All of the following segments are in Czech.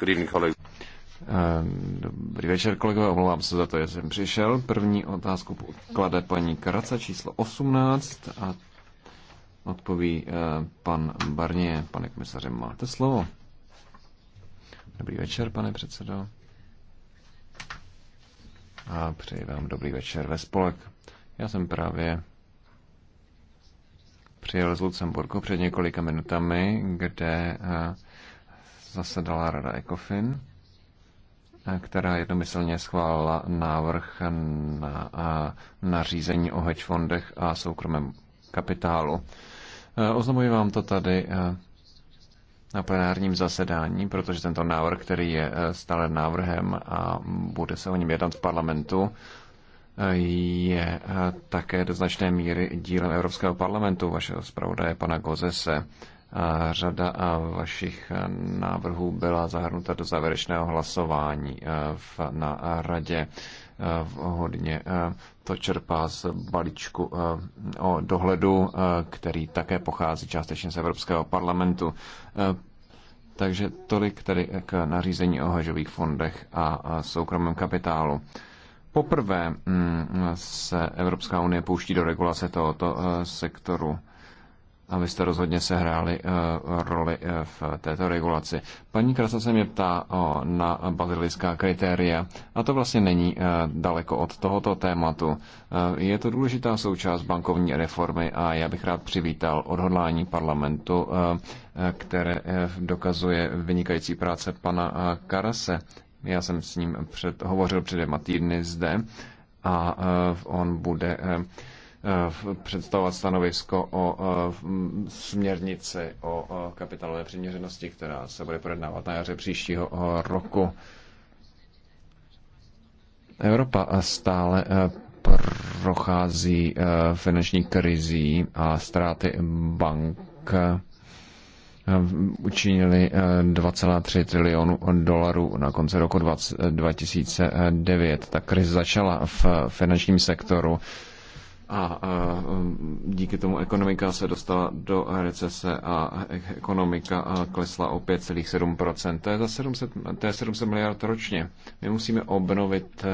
Good evening, colleagues. Eh, dobrý večer, kolegové, omlouvám se za to, že jsem přišel. První otázku klade paní Karaca číslo 18 a odpoví eh, pan Barně. Pane komisaře, máte slovo. Dobrý večer, pane předsedo. A přeji vám dobrý večer ve spolek. Já jsem právě přijel z Lucemburku před několika minutami, kde uh, zasedala Rada ECOFIN, eh, která jednomyslně schválila návrh na eh, nařízení o hedge fondech a soukromém kapitálu. Eh, oznamuji vám to tady na plenárním zasedání, protože tento návrh, který je stále návrhem a bude se o něm jednat v parlamentu, je také do značné míry dílem Evropského parlamentu, vašeho zpravodaje pana Gozese. Řada vašich e, návrhů byla zahrnuta do závěrečného hlasování e, na radě e, hodně to čerpá z balíčku o dohledu, který také pochází částečně z Evropského parlamentu. Takže tolik tedy k nařízení o hažových fondech a soukromém kapitálu. Poprvé mm, se Evropská unie pouští do regulace tohoto sektoru a rozhodně sehráli eh, roli eh, v této regulaci. Paní Krasa se mě ptá o, na bazilická kritéria a to vlastně není eh, daleko od tohoto tématu. je to důležitá součást bankovní reformy a já bych rád přivítal odhodlání parlamentu, které dokazuje vynikající práce pana Karase. Já jsem s ním před, hovořil před dvěma týdny zde a on bude Eh, představovat stanovisko o eh, směrnici o eh, kapitalové přiměřenosti, která se bude projednávat na jaře příštího roku. Evropa stále prochází finanční krizí a ztráty bank učinili 2,3 trilionu dolarů na konci roku 2009. Ta krize začala v finančním sektoru a díky tomu ekonomika se dostala do recese a ekonomika klesla o 5,7%. To je za 700, to je 700 miliard ročně. My musíme obnovit e,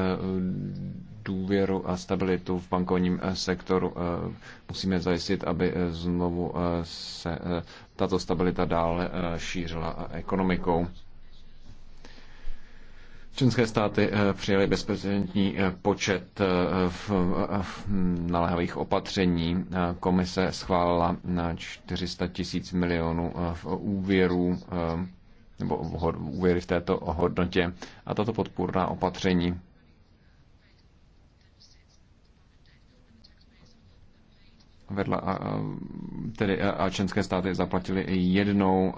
důvěru a stabilitu v bankovním e, sektoru. E, musíme zajistit, aby znovu se tato stabilita dále šířila ekonomikou. Členské státy eh, přijaly bezprecedentní eh, počet eh, v, v naléhavých opatření. Komise schválila na 400 tisíc milionů úvěru, nebo úvěry v této hodnotě a tato podpůrná opatření vedla, tedy a členské státy zaplatili jednou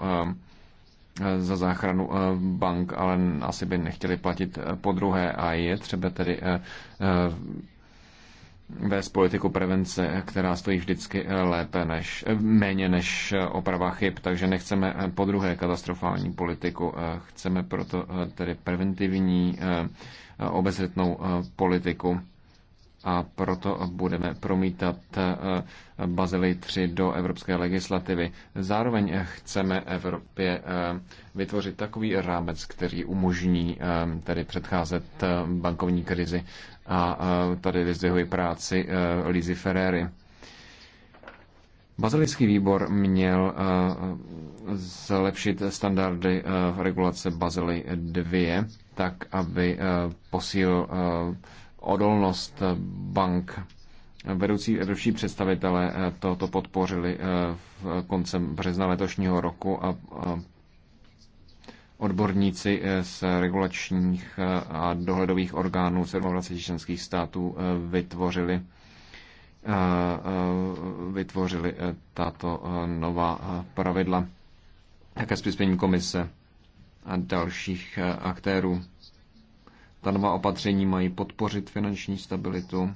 Eh, za záchranu eh, bank, ale asi by nechtěli platit eh, po druhé a je třeba tedy vést politiku prevence, která stojí vždycky lépe než, méně než oprava chyb, takže nechceme po druhé katastrofální politiku, chceme proto tedy preventivní obezřetnou politiku a proto budeme promítat eh, Bazily 3 do evropské legislativy. Zároveň chceme Evropě eh, vytvořit takový rámec, který umožní eh, tedy předcházet bankovní krizi a tady vyzdvihuji práci Lizy Ferrery. Bazilický výbor měl zlepšit standardy regulace Bazily 2, tak aby posílil odolnost bank. Vedoucí evropští představitelé eh, toto podpořili eh, v koncem března letošního roku a odborníci eh, z regulačních a dohledových orgánů 27 členských států vytvořili vytvořili tato nová pravidla také s přispěním komise a dalších aktérů. Ta dva opatření mají podpořit finanční stabilitu.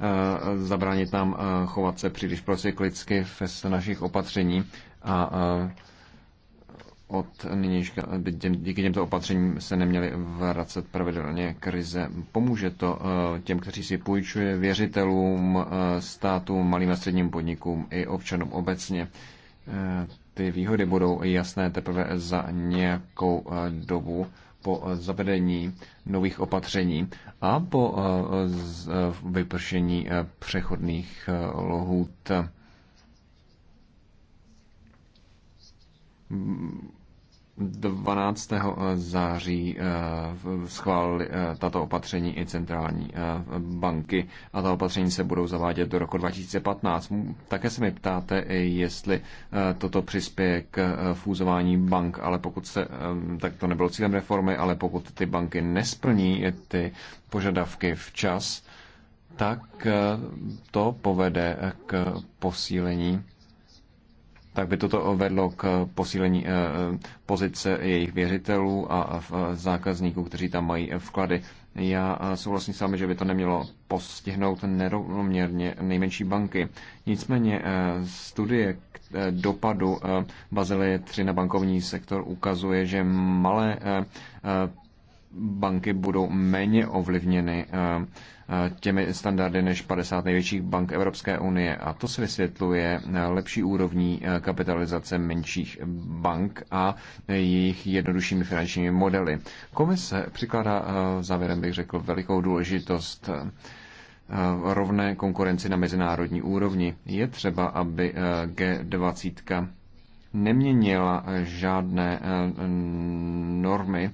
Eh, zabránit nám eh, chovat se příliš procyklicky ve našich opatření a eh, od nynějška, díky těmto opatřením se neměly vracet pravidelně krize. Pomůže to těm, kteří si půjčuje, věřitelům, státu, malým a středním podnikům i občanům obecně ty výhody budou jasné teprve za nějakou eh, dobu po eh, zavedení nových opatření a po eh, vypršení přechodných lohůt. 12. Eh, září eh, schválili eh, tato opatření i centrální banky a ta opatření se budou zavádět do roku 2015. Také se mi ptáte, jestli toto přispěje k fúzování bank, ale pokud se, tak to nebylo cílem reformy, ale pokud ty banky nesplní ty požadavky včas, tak to povede k posílení tak by toto vedlo k posílení eh, pozice jejich věřitelů a eh, zákazníků, kteří tam mají eh, vklady. Já souhlasím s vámi, že by to nemělo postihnout nerovnoměrně nejmenší banky. Nicméně studie k dopadu Bazilie 3 na bankovní sektor ukazuje, že malé banky budou méně ovlivněny těmi standardy než 50 největších bank Evropské unie. A to se vysvětluje e, lepší úrovní e, kapitalizace menších bank a jejich jednoduššími finančními modely. Komise přikládá e, závěrem, bych řekl, velikou důležitost rovné konkurenci na mezinárodní úrovni. Je třeba, aby G20 neměnila žádné normy,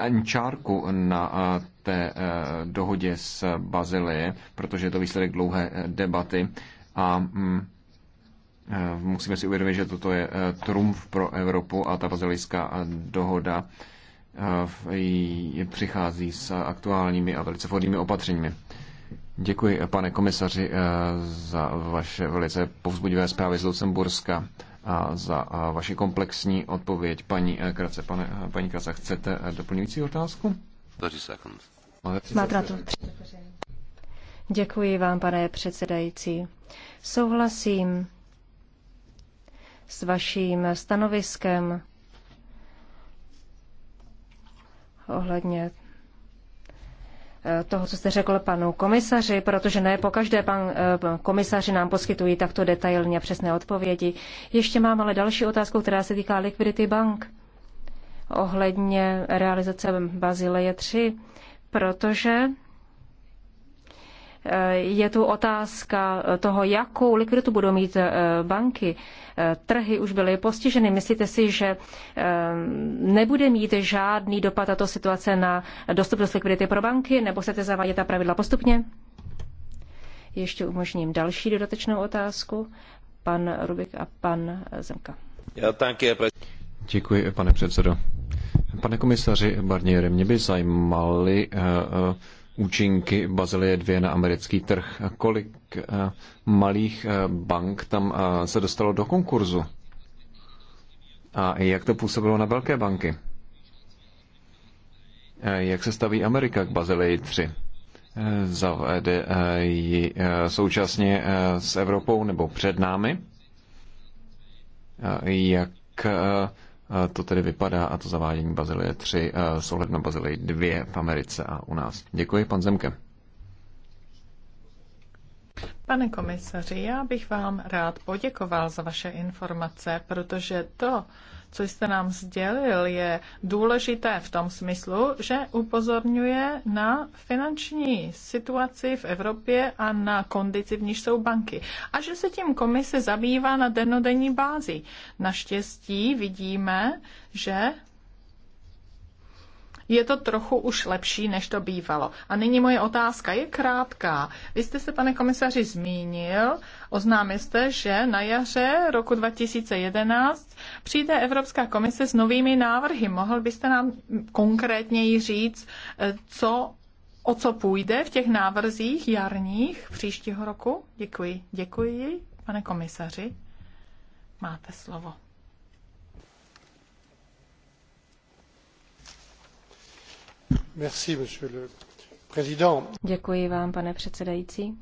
ani čárku na té e, dohodě s Bazilie, protože je to výsledek dlouhé e, debaty a mm, e, musíme si uvědomit, že toto je trumf pro Evropu a ta bazilijská dohoda přichází s aktuálními a velice vhodnými opatřeními. Děkuji, pane komisaři, za vaše velice povzbudivé zprávy z Lucemburska a za vaši komplexní odpověď. Paní eh, Krace, pane, eh, paní Krace, chcete eh, doplňující otázku? Máte na to Děkuji vám, pane předsedající. Souhlasím s vaším stanoviskem ohledně toho, co jste řekl panu komisaři, protože ne každé eh, pan komisaři nám poskytují takto detailně přesné odpovědi. Ještě mám ale další otázku, která se týká likvidity bank ohledně realizace Bazileje 3, protože Eh, je tu otázka eh, toho, jakou likviditu budou mít eh, banky. Trhy už byly postiženy. Myslíte si, že nebude mít žádný dopad tato situace na dostupnost likvidity pro banky, nebo chcete zavádět ta pravidla postupně? Ještě umožním další dodatečnou otázku. Pan Rubik a pan Zemka. Děkuji, pane předsedo. Pane komisaři Barniere, mě by zajímaly účinky Bazilie 2 na americký trh. Kolik eh, malých eh, bank tam eh, se dostalo do konkurzu? A jak to působilo na velké banky? Jak se staví Amerika k Bazilii 3? Zavede ji současně s Evropou nebo před námi? Jak to tedy vypadá a to zavádění Bazilie 3 s ohledem na Bazilie 2 v Americe a u nás. Děkuji, pan Zemke. Pane komisaři, já bych vám rád poděkoval za vaše informace, protože to, co jste nám sdělil, je důležité v tom smyslu, že upozorňuje na finanční situaci v Evropě a na kondici, v níž jsou banky. A že se tím komise zabývá na dennodenní bázi. Naštěstí vidíme, že je to trochu už lepší, než to bývalo. A nyní moje otázka je krátká. Vy jste se, pane komisaři, zmínil Oznámil jste, že na jaře roku 2011 přijde Evropská komise s novými návrhy. Mohl byste nám konkrétněji říct, eh, co, o co půjde v těch návrzích jarních příštího roku? Děkuji. Děkuji, pane komisaři. Máte slovo. Merci, Děkuji vám, pane předsedající.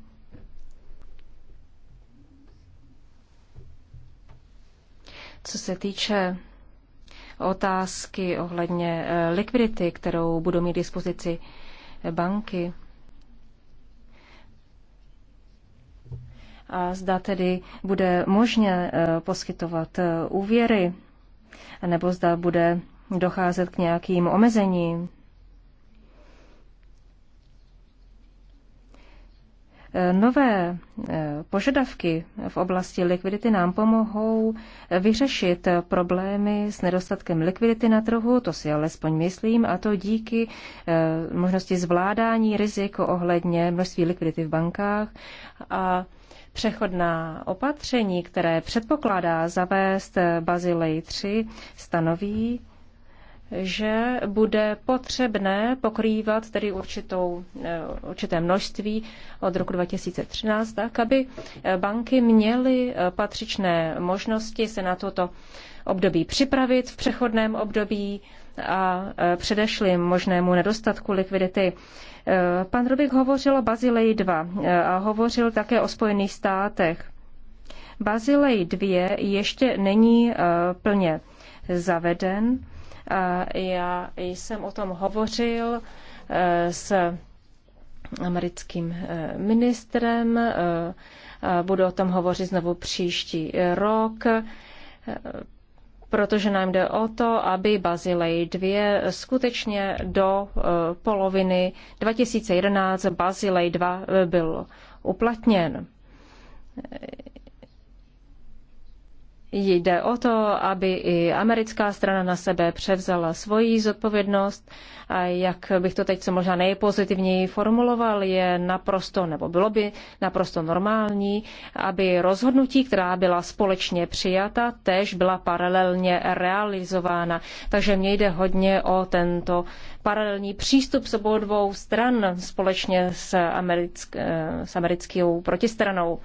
Co se týče otázky ohledně eh, likvidity, kterou budou mít dispozici eh, banky, a zda tedy bude možné eh, poskytovat úvěry, nebo zda bude docházet k nějakým omezením. Nové eh, požadavky v oblasti likvidity nám pomohou eh, vyřešit problémy s nedostatkem likvidity na trhu, to si alespoň myslím, a to díky eh, možnosti zvládání rizik ohledně množství likvidity v bankách a Přechodná opatření, které předpokládá zavést Bazilej 3, stanoví, že bude potřebné pokrývat tedy určitou, eh, určité množství od roku 2013, tak aby eh, banky měly eh, patřičné možnosti se na toto období připravit v přechodném období a předešli možnému nedostatku likvidity. Pan Rubik hovořil o Bazilej 2 a hovořil také o Spojených státech. Bazilej 2 ještě není plně zaveden já jsem o tom hovořil e, s americkým e, ministrem, e, budu o tom hovořit znovu příští rok, protože nám jde o to, aby Bazilej 2 skutečně do poloviny 2011 Bazilej 2 byl uplatněn. Jde o to, aby i americká strana na sebe převzala svoji zodpovědnost. A jak bych to teď co možná nejpozitivněji formuloval, je naprosto, nebo bylo by naprosto normální, aby rozhodnutí, která byla společně přijata, tež byla paralelně realizována. Takže mně jde hodně o tento paralelní přístup s obou dvou stran společně s, americk- s americkou protistranou.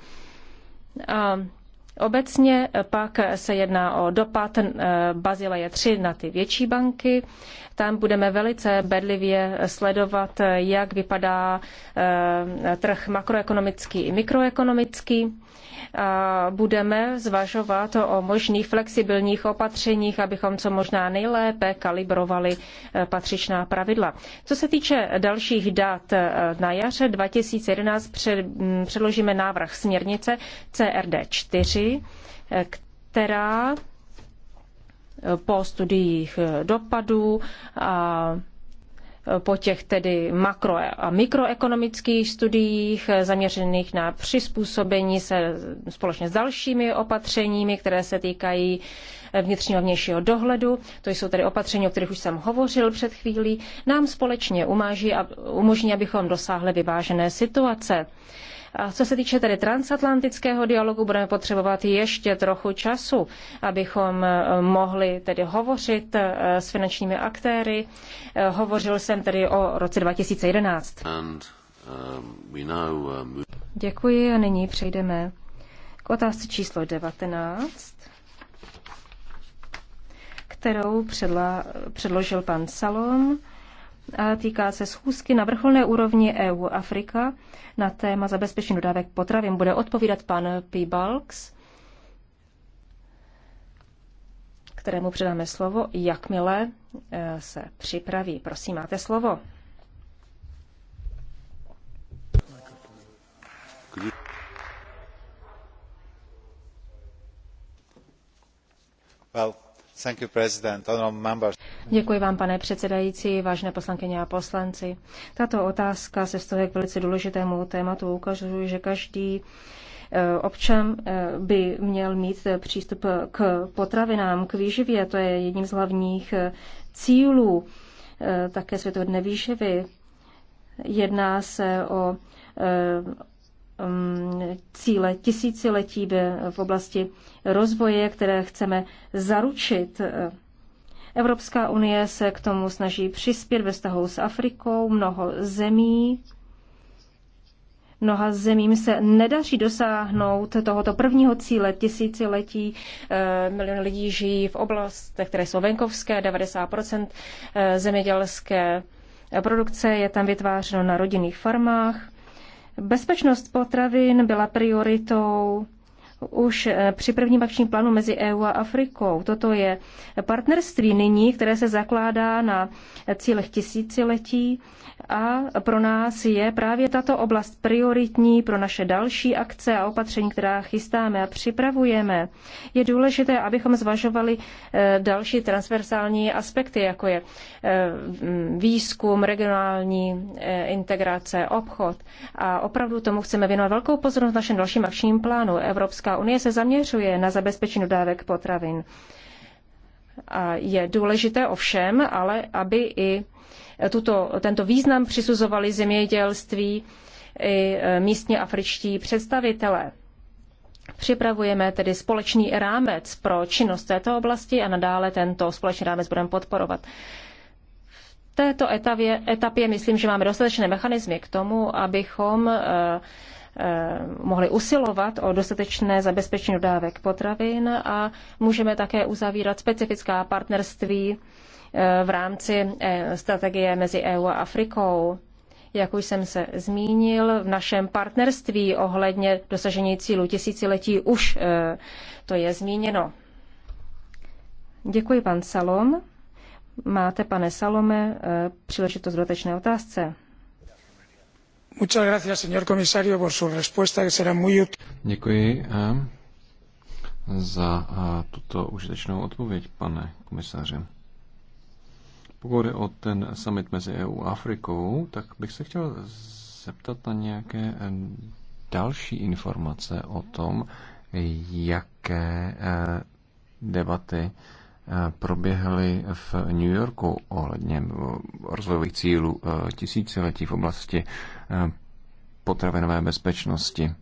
A Obecně pak se jedná o dopad eh, Bazileje 3 na ty větší banky. Tam budeme velice bedlivě sledovat, jak vypadá eh, trh makroekonomický i mikroekonomický budeme zvažovat o možných flexibilních opatřeních, abychom co možná nejlépe kalibrovali e, patřičná pravidla. Co se týče dalších dat, e, na jaře 2011 předložíme návrh směrnice CRD 4, e, která po studiích dopadů a po těch tedy makro- a mikroekonomických studiích zaměřených na přizpůsobení se společně s dalšími opatřeními, které se týkají vnitřního a vnějšího dohledu, to jsou tedy opatření, o kterých už jsem hovořil před chvílí, nám společně umáží a umožní, abychom dosáhli vyvážené situace. A co se týče tedy transatlantického dialogu, budeme potřebovat ještě trochu času, abychom eh, mohli tedy hovořit eh, s finančními aktéry. Eh, hovořil jsem tedy o roce 2011. Um, um, Děkuji a nyní přejdeme k otázce číslo 19 kterou předla, předložil pan Salom a týká se schůzky na vrcholné úrovni EU Afrika na téma zabezpečení dodávek potravin. Bude odpovídat pan P. Balks, kterému předáme slovo, jakmile e, se připraví. Prosím, máte slovo. Well, Děkuji vám, pane předsedající, vážné poslankyně a poslanci. Tato otázka se vztahuje k velice důležitému tématu. Ukazuje, že každý eh, občan eh, by měl mít eh, přístup k potravinám, k výživě. To je jedním z hlavních cílů také Světové dne výživy. Jedná se o mm, cíle tisíciletí v oblasti rozvoje, které chceme zaručit. Evropská unie se k tomu snaží přispět ve vztahu s Afrikou, mnoho zemí. Mnoha zemím se nedaří dosáhnout tohoto prvního cíle tisíciletí. Eh, miliony lidí žijí v oblastech, které jsou venkovské, 90 eh, zemědělské produkce je tam vytvářeno na rodinných farmách. Bezpečnost potravin byla prioritou už eh, při prvním akčním plánu mezi EU a Afrikou. Toto je partnerství nyní, které se zakládá na cílech tisíciletí a pro nás je právě tato oblast prioritní pro naše další akce a opatření, která chystáme a připravujeme. Je důležité, abychom zvažovali eh, další transversální aspekty, jako je eh, výzkum, regionální integrace, obchod. A opravdu tomu chceme věnovat velkou pozornost v našem dalším akčním plánu. Evropská Evropská unie se zaměřuje na zabezpečení dodávek potravin. A je důležité ovšem, ale aby i tuto, tento význam přisuzovali zemědělství i e, místní afričtí představitelé. Připravujeme tedy společný rámec pro činnost této oblasti a nadále tento společný rámec budeme podporovat. V této etapě, etapě myslím, že máme dostatečné mechanismy k tomu, abychom e, Eh, mohli usilovat o dostatečné zabezpečení dodávek potravin a můžeme také uzavírat specifická partnerství eh, v rámci eh, strategie mezi EU a Afrikou. Jak už jsem se zmínil, v našem partnerství ohledně dosažení cílu tisíciletí už to je zmíněno. Děkuji, pan Salom. Máte, pane Salome, příležitost dotečné otázce. Děkuji za tuto užitečnou odpověď, pane komisaře. Pokud je o ten summit mezi EU a Afrikou, tak bych se chtěl zeptat na nějaké eh, další informace o tom, jaké eh, debaty proběhly v New Yorku ohledně rozvojových cílů eh, tisíciletí v oblasti eh, potravinové bezpečnosti.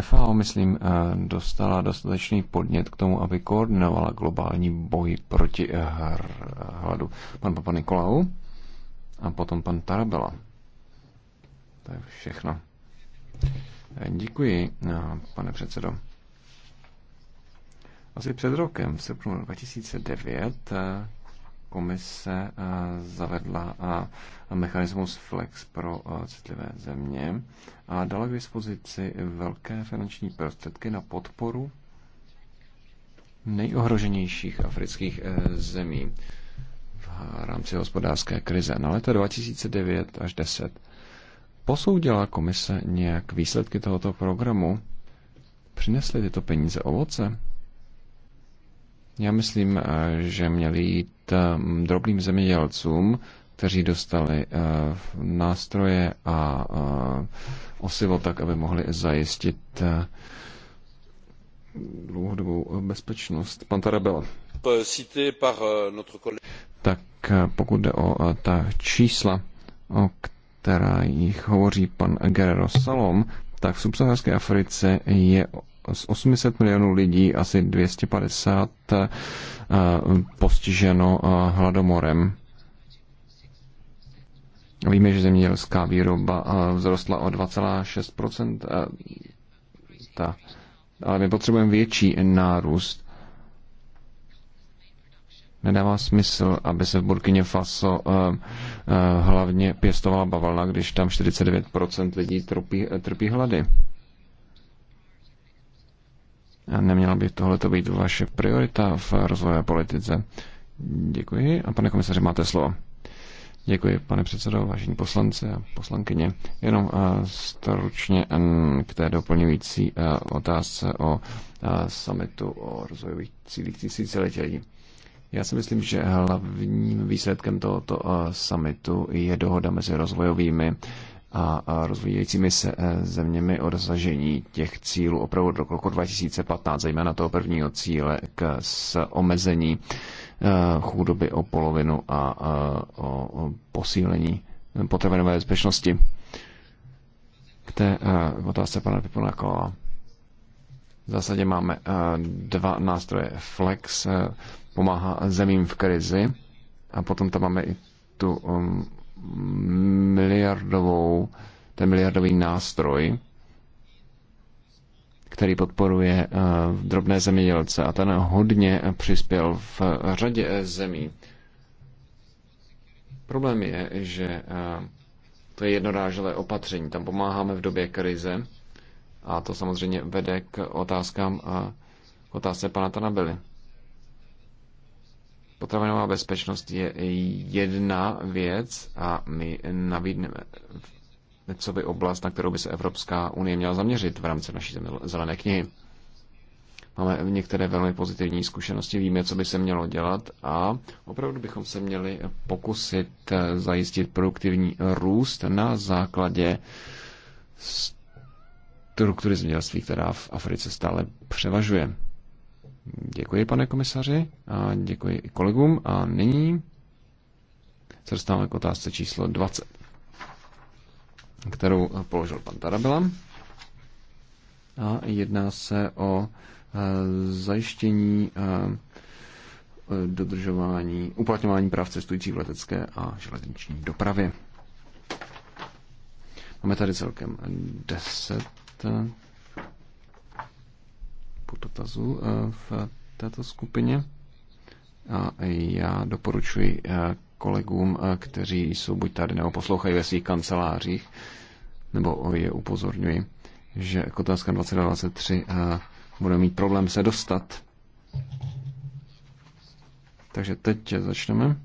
FAO, myslím, eh, dostala dostatečný podnět k tomu, aby koordinovala globální boj proti hladu. Pan Papa Nikolau a potom pan Tarabela. To je všechno. Děkuji, pane předsedo. Asi před rokem, v srpnu 2009, eh, komise eh, zavedla eh, mechanismus Flex pro citlivé země a dala k dispozici velké finanční prostředky na podporu nejohroženějších afrických zemí v rámci hospodářské krize na leta 2009 až 10. Posoudila komise nějak výsledky tohoto programu? Přinesly tyto peníze ovoce? Já myslím, eh, že měli jít eh, drobným zemědělcům, kteří dostali eh, nástroje a osivo tak, aby mohli zajistit dlouhodobou bezpečnost. Pan Tarabela. Tak pokud jde o ta čísla, o která jich hovoří pan Guerrero Salom, tak v subsaharské Africe je z 800 milionů lidí asi 250 eh, postiženo eh, hladomorem. Víme, že zemědělská výroba eh, vzrostla o 2,6 ale my potřebujeme větší nárůst. Nedává smysl, aby se v Burkině Faso hlavně pěstovala bavlna, když tam 49 lidí trpí, trpí hlady. Neměla by to být vaše priorita v rozvojové politice? Děkuji a pane komisaři, máte slovo. Děkuji, pane předsedo, vážení poslanci a poslankyně. Jenom eh, stručně k té doplňující eh, otázce o eh, summitu o rozvojových cílích tisíciletí. Já si myslím, že hlavním výsledkem tohoto summitu je dohoda mezi rozvojovými a rozvíjejícími se e, zeměmi o dosažení těch cílů opravdu do roku 2015, zejména toho prvního cíle k s omezení e, chudoby o polovinu a o posílení potravinové bezpečnosti. K té e, otázce pana Pipunakova. V zásadě máme dva nástroje. Flex pomáhá zemím v krizi a potom tam máme i tu um, miliardovou, ten miliardový nástroj, který podporuje eh, drobné zemědělce a ten hodně přispěl v řadě eh, zemí. Problém je, že eh, to je jednorážové opatření. Tam pomáháme v době krize a to samozřejmě vede k otázkám a otázce pana Tanabily. Potravinová bezpečnost je jedna věc a my nabídneme co by oblast, na kterou by se Evropská unie měla zaměřit v rámci naší zelené knihy. Máme některé velmi pozitivní zkušenosti, víme, co by se mělo dělat a opravdu bychom se měli pokusit eh, zajistit produktivní růst na základě struktury zemědělství, která v Africe stále převažuje. Děkuji, pane komisaři, a děkuji i kolegům. A nyní se dostáváme k otázce číslo 20, kterou položil pan Tarabela. A jedná se o e, zajištění e, dodržování, uplatňování práv cestujících v letecké a železniční dopravě. Máme tady celkem 10 bloku dotazů eh, v této skupině. A já doporučuji eh, kolegům, eh, kteří jsou buď tady nebo poslouchají ve svých kancelářích, nebo je upozorňuji, že k otázkám 2023 budeme mít problém se dostat. Takže teď začneme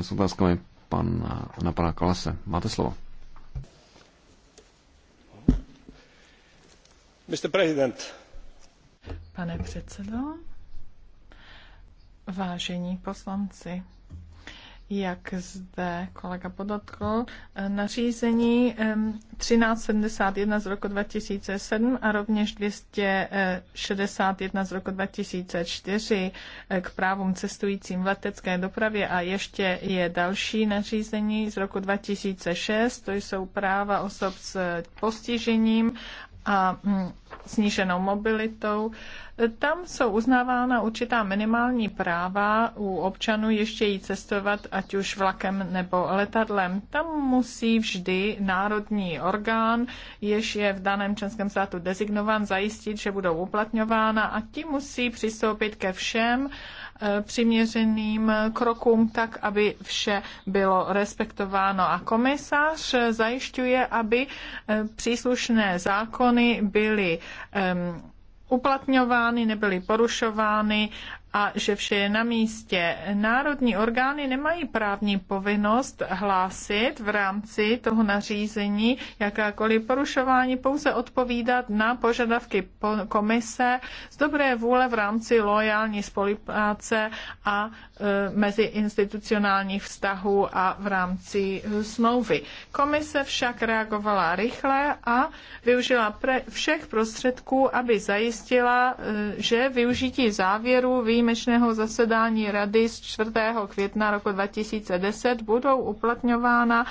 s otázkami pan, na pana Kalase. Máte slovo. Pane předsedo, vážení poslanci, jak zde kolega podotkl, nařízení 1371 z roku 2007 a rovněž 261 z roku 2004 k právům cestujícím v letecké dopravě a ještě je další nařízení z roku 2006, to jsou práva osob s postižením a mm, sníženou mobilitou. Tam jsou uznávána určitá minimální práva u občanů ještě jí cestovat, ať už vlakem nebo letadlem. Tam musí vždy národní orgán, jež je v daném členském státu designován, zajistit, že budou uplatňována a ti musí přistoupit ke všem Eh, přiměřeným krokům, tak aby vše bylo respektováno. A komisař zajišťuje, aby eh, příslušné zákony byly ehm, uplatňovány, nebyly porušovány a že vše je na místě. Národní orgány nemají právní povinnost hlásit v rámci toho nařízení jakákoliv porušování, pouze odpovídat na požadavky komise z dobré vůle v rámci loajální spolupráce a e, institucionálních vztahů a v rámci e, smlouvy. Komise však reagovala rychle a využila pre všech prostředků, aby zajistila, e, že využití závěrů výjim výjimečného zasedání Rady z 4. května roku 2010 budou uplatňována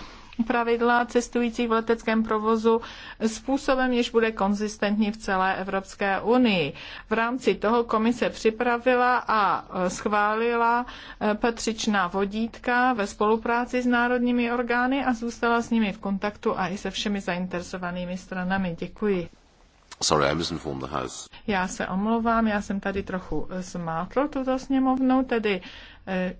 pravidla cestujících v leteckém provozu způsobem, jež bude konzistentní v celé Evropské unii. V rámci toho komise připravila a e, schválila e, patřičná vodítka ve spolupráci s národními orgány a zůstala s nimi v kontaktu a i se všemi zainteresovanými stranami. Děkuji. Sorry, I misinformed the house. Já se omlouvám, já jsem tady trochu eh, zmátl tuto sněmovnou, tedy eh,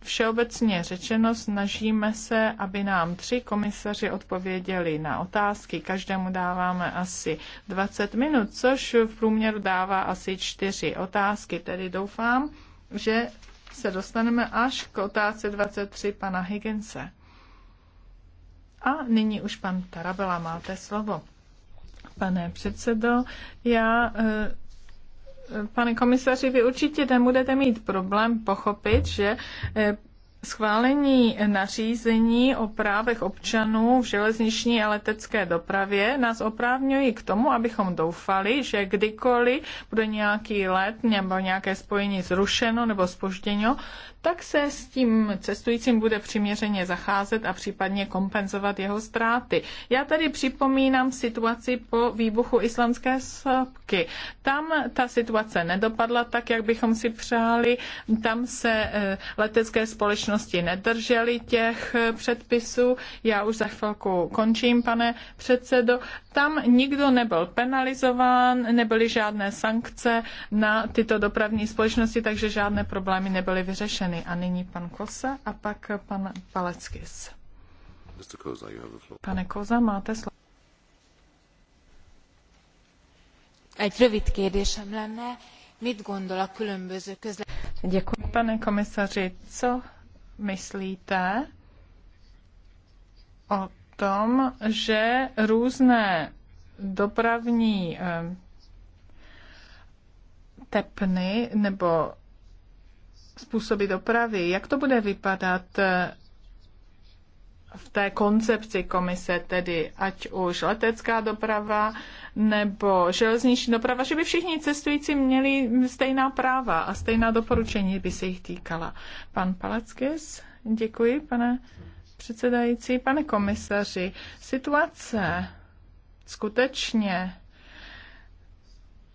všeobecně řečeno snažíme se, aby nám tři komisaři odpověděli na otázky. Každému dáváme asi 20 minut, což v průměru dává asi čtyři otázky, tedy doufám, že se dostaneme až k otázce 23 pana Higginse. A nyní už pan Tarabela máte slovo pane předsedo. Já eh, Pane komisaři, vy určitě nebudete mít problém pochopit, že eh, Schválení nařízení o právech občanů v železniční a letecké dopravě nás oprávňují k tomu, abychom doufali, že kdykoliv bude nějaký let nebo nějaké spojení zrušeno nebo spožděno, tak se s tím cestujícím bude přiměřeně zacházet a případně kompenzovat jeho ztráty. Já tady připomínám situaci po výbuchu islamské sopky. Tam ta situace nedopadla tak, jak bychom si přáli. Tam se eh, letecké společnosti skutečnosti nedrželi těch předpisů. Já už za chvilku končím, pane předsedo. Tam nikdo nebyl penalizován, nebyly žádné sankce na tyto dopravní společnosti, takže žádné problémy nebyly vyřešeny. A nyní pan Kosa a pak pan Paleckis. Pane Koza, máte slovo. Egy rövid kérdésem lenne, mit gondol a különböző közlekedési... Děkuji, pane komisaři. Co myslíte o tom, že různé dopravní tepny nebo způsoby dopravy, jak to bude vypadat v té koncepci komise, tedy ať už letecká doprava nebo železniční doprava, že by všichni cestující měli stejná práva a stejná doporučení by se jich týkala. Pan Palackis, děkuji, pane předsedající, pane komisaři. Situace skutečně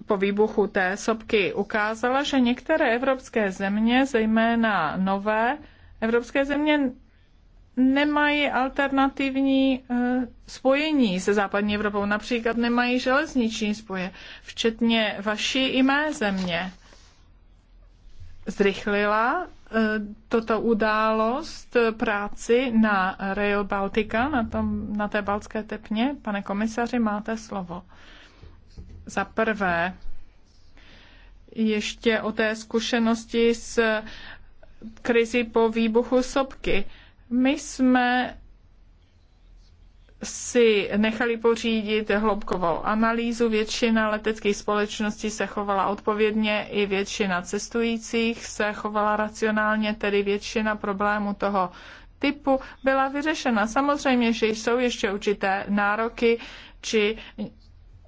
po výbuchu té sopky ukázala, že některé evropské země, zejména nové evropské země, nemají alternativní eh, spojení se západní Evropou. Například nemají železniční spoje, včetně vaší i mé země. Zrychlila eh, toto událost práci na Rail Baltica, na, tom, na té baltské tepně. Pane komisaři, máte slovo. Za prvé, ještě o té zkušenosti s krizi po výbuchu sopky my jsme si nechali pořídit hloubkovou analýzu. Většina leteckých společností se chovala odpovědně, i většina cestujících se chovala racionálně, tedy většina problémů toho typu byla vyřešena. Samozřejmě, že jsou ještě určité nároky či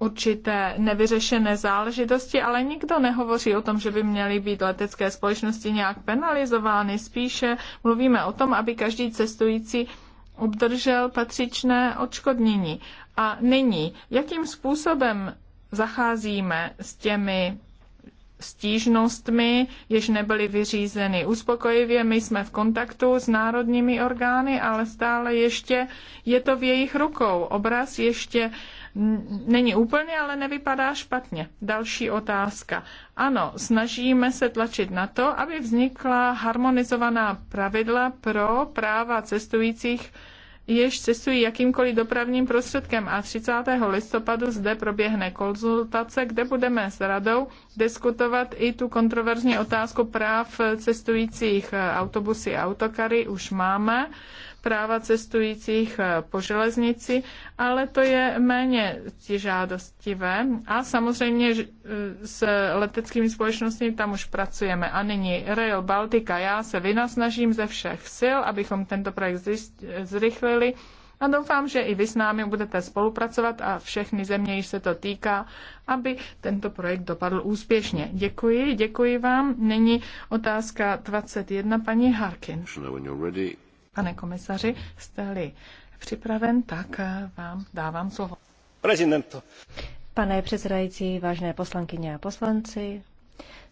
určité nevyřešené záležitosti, ale nikdo nehovoří o tom, že by měly být letecké společnosti nějak penalizovány. Spíše mluvíme o tom, aby každý cestující obdržel patřičné odškodnění. A nyní, jakým způsobem zacházíme s těmi stížnostmi, jež nebyly vyřízeny uspokojivě. My jsme v kontaktu s národními orgány, ale stále ještě je to v jejich rukou. Obraz ještě není úplný, ale nevypadá špatně. Další otázka. Ano, snažíme se tlačit na to, aby vznikla harmonizovaná pravidla pro práva cestujících jež cestují jakýmkoliv dopravním prostředkem a 30. listopadu zde proběhne konzultace, kde budeme s radou diskutovat i tu kontroverzní otázku práv cestujících autobusy a autokary už máme práva cestujících eh, po železnici, ale to je méně žádostivé a samozřejmě eh, s leteckými společnostmi tam už pracujeme. A nyní Rail Baltica. Já se vynasnažím ze všech sil, abychom tento projekt zrychlili a doufám, že i vy s námi budete spolupracovat a všechny země, již se to týká, aby tento projekt dopadl úspěšně. Děkuji, děkuji vám. Není otázka 21, paní Harkin. Pane komisaři, jste-li připraven, tak eh, vám dávám slovo. Prezidento. Pane předsedající, vážné poslankyně a poslanci,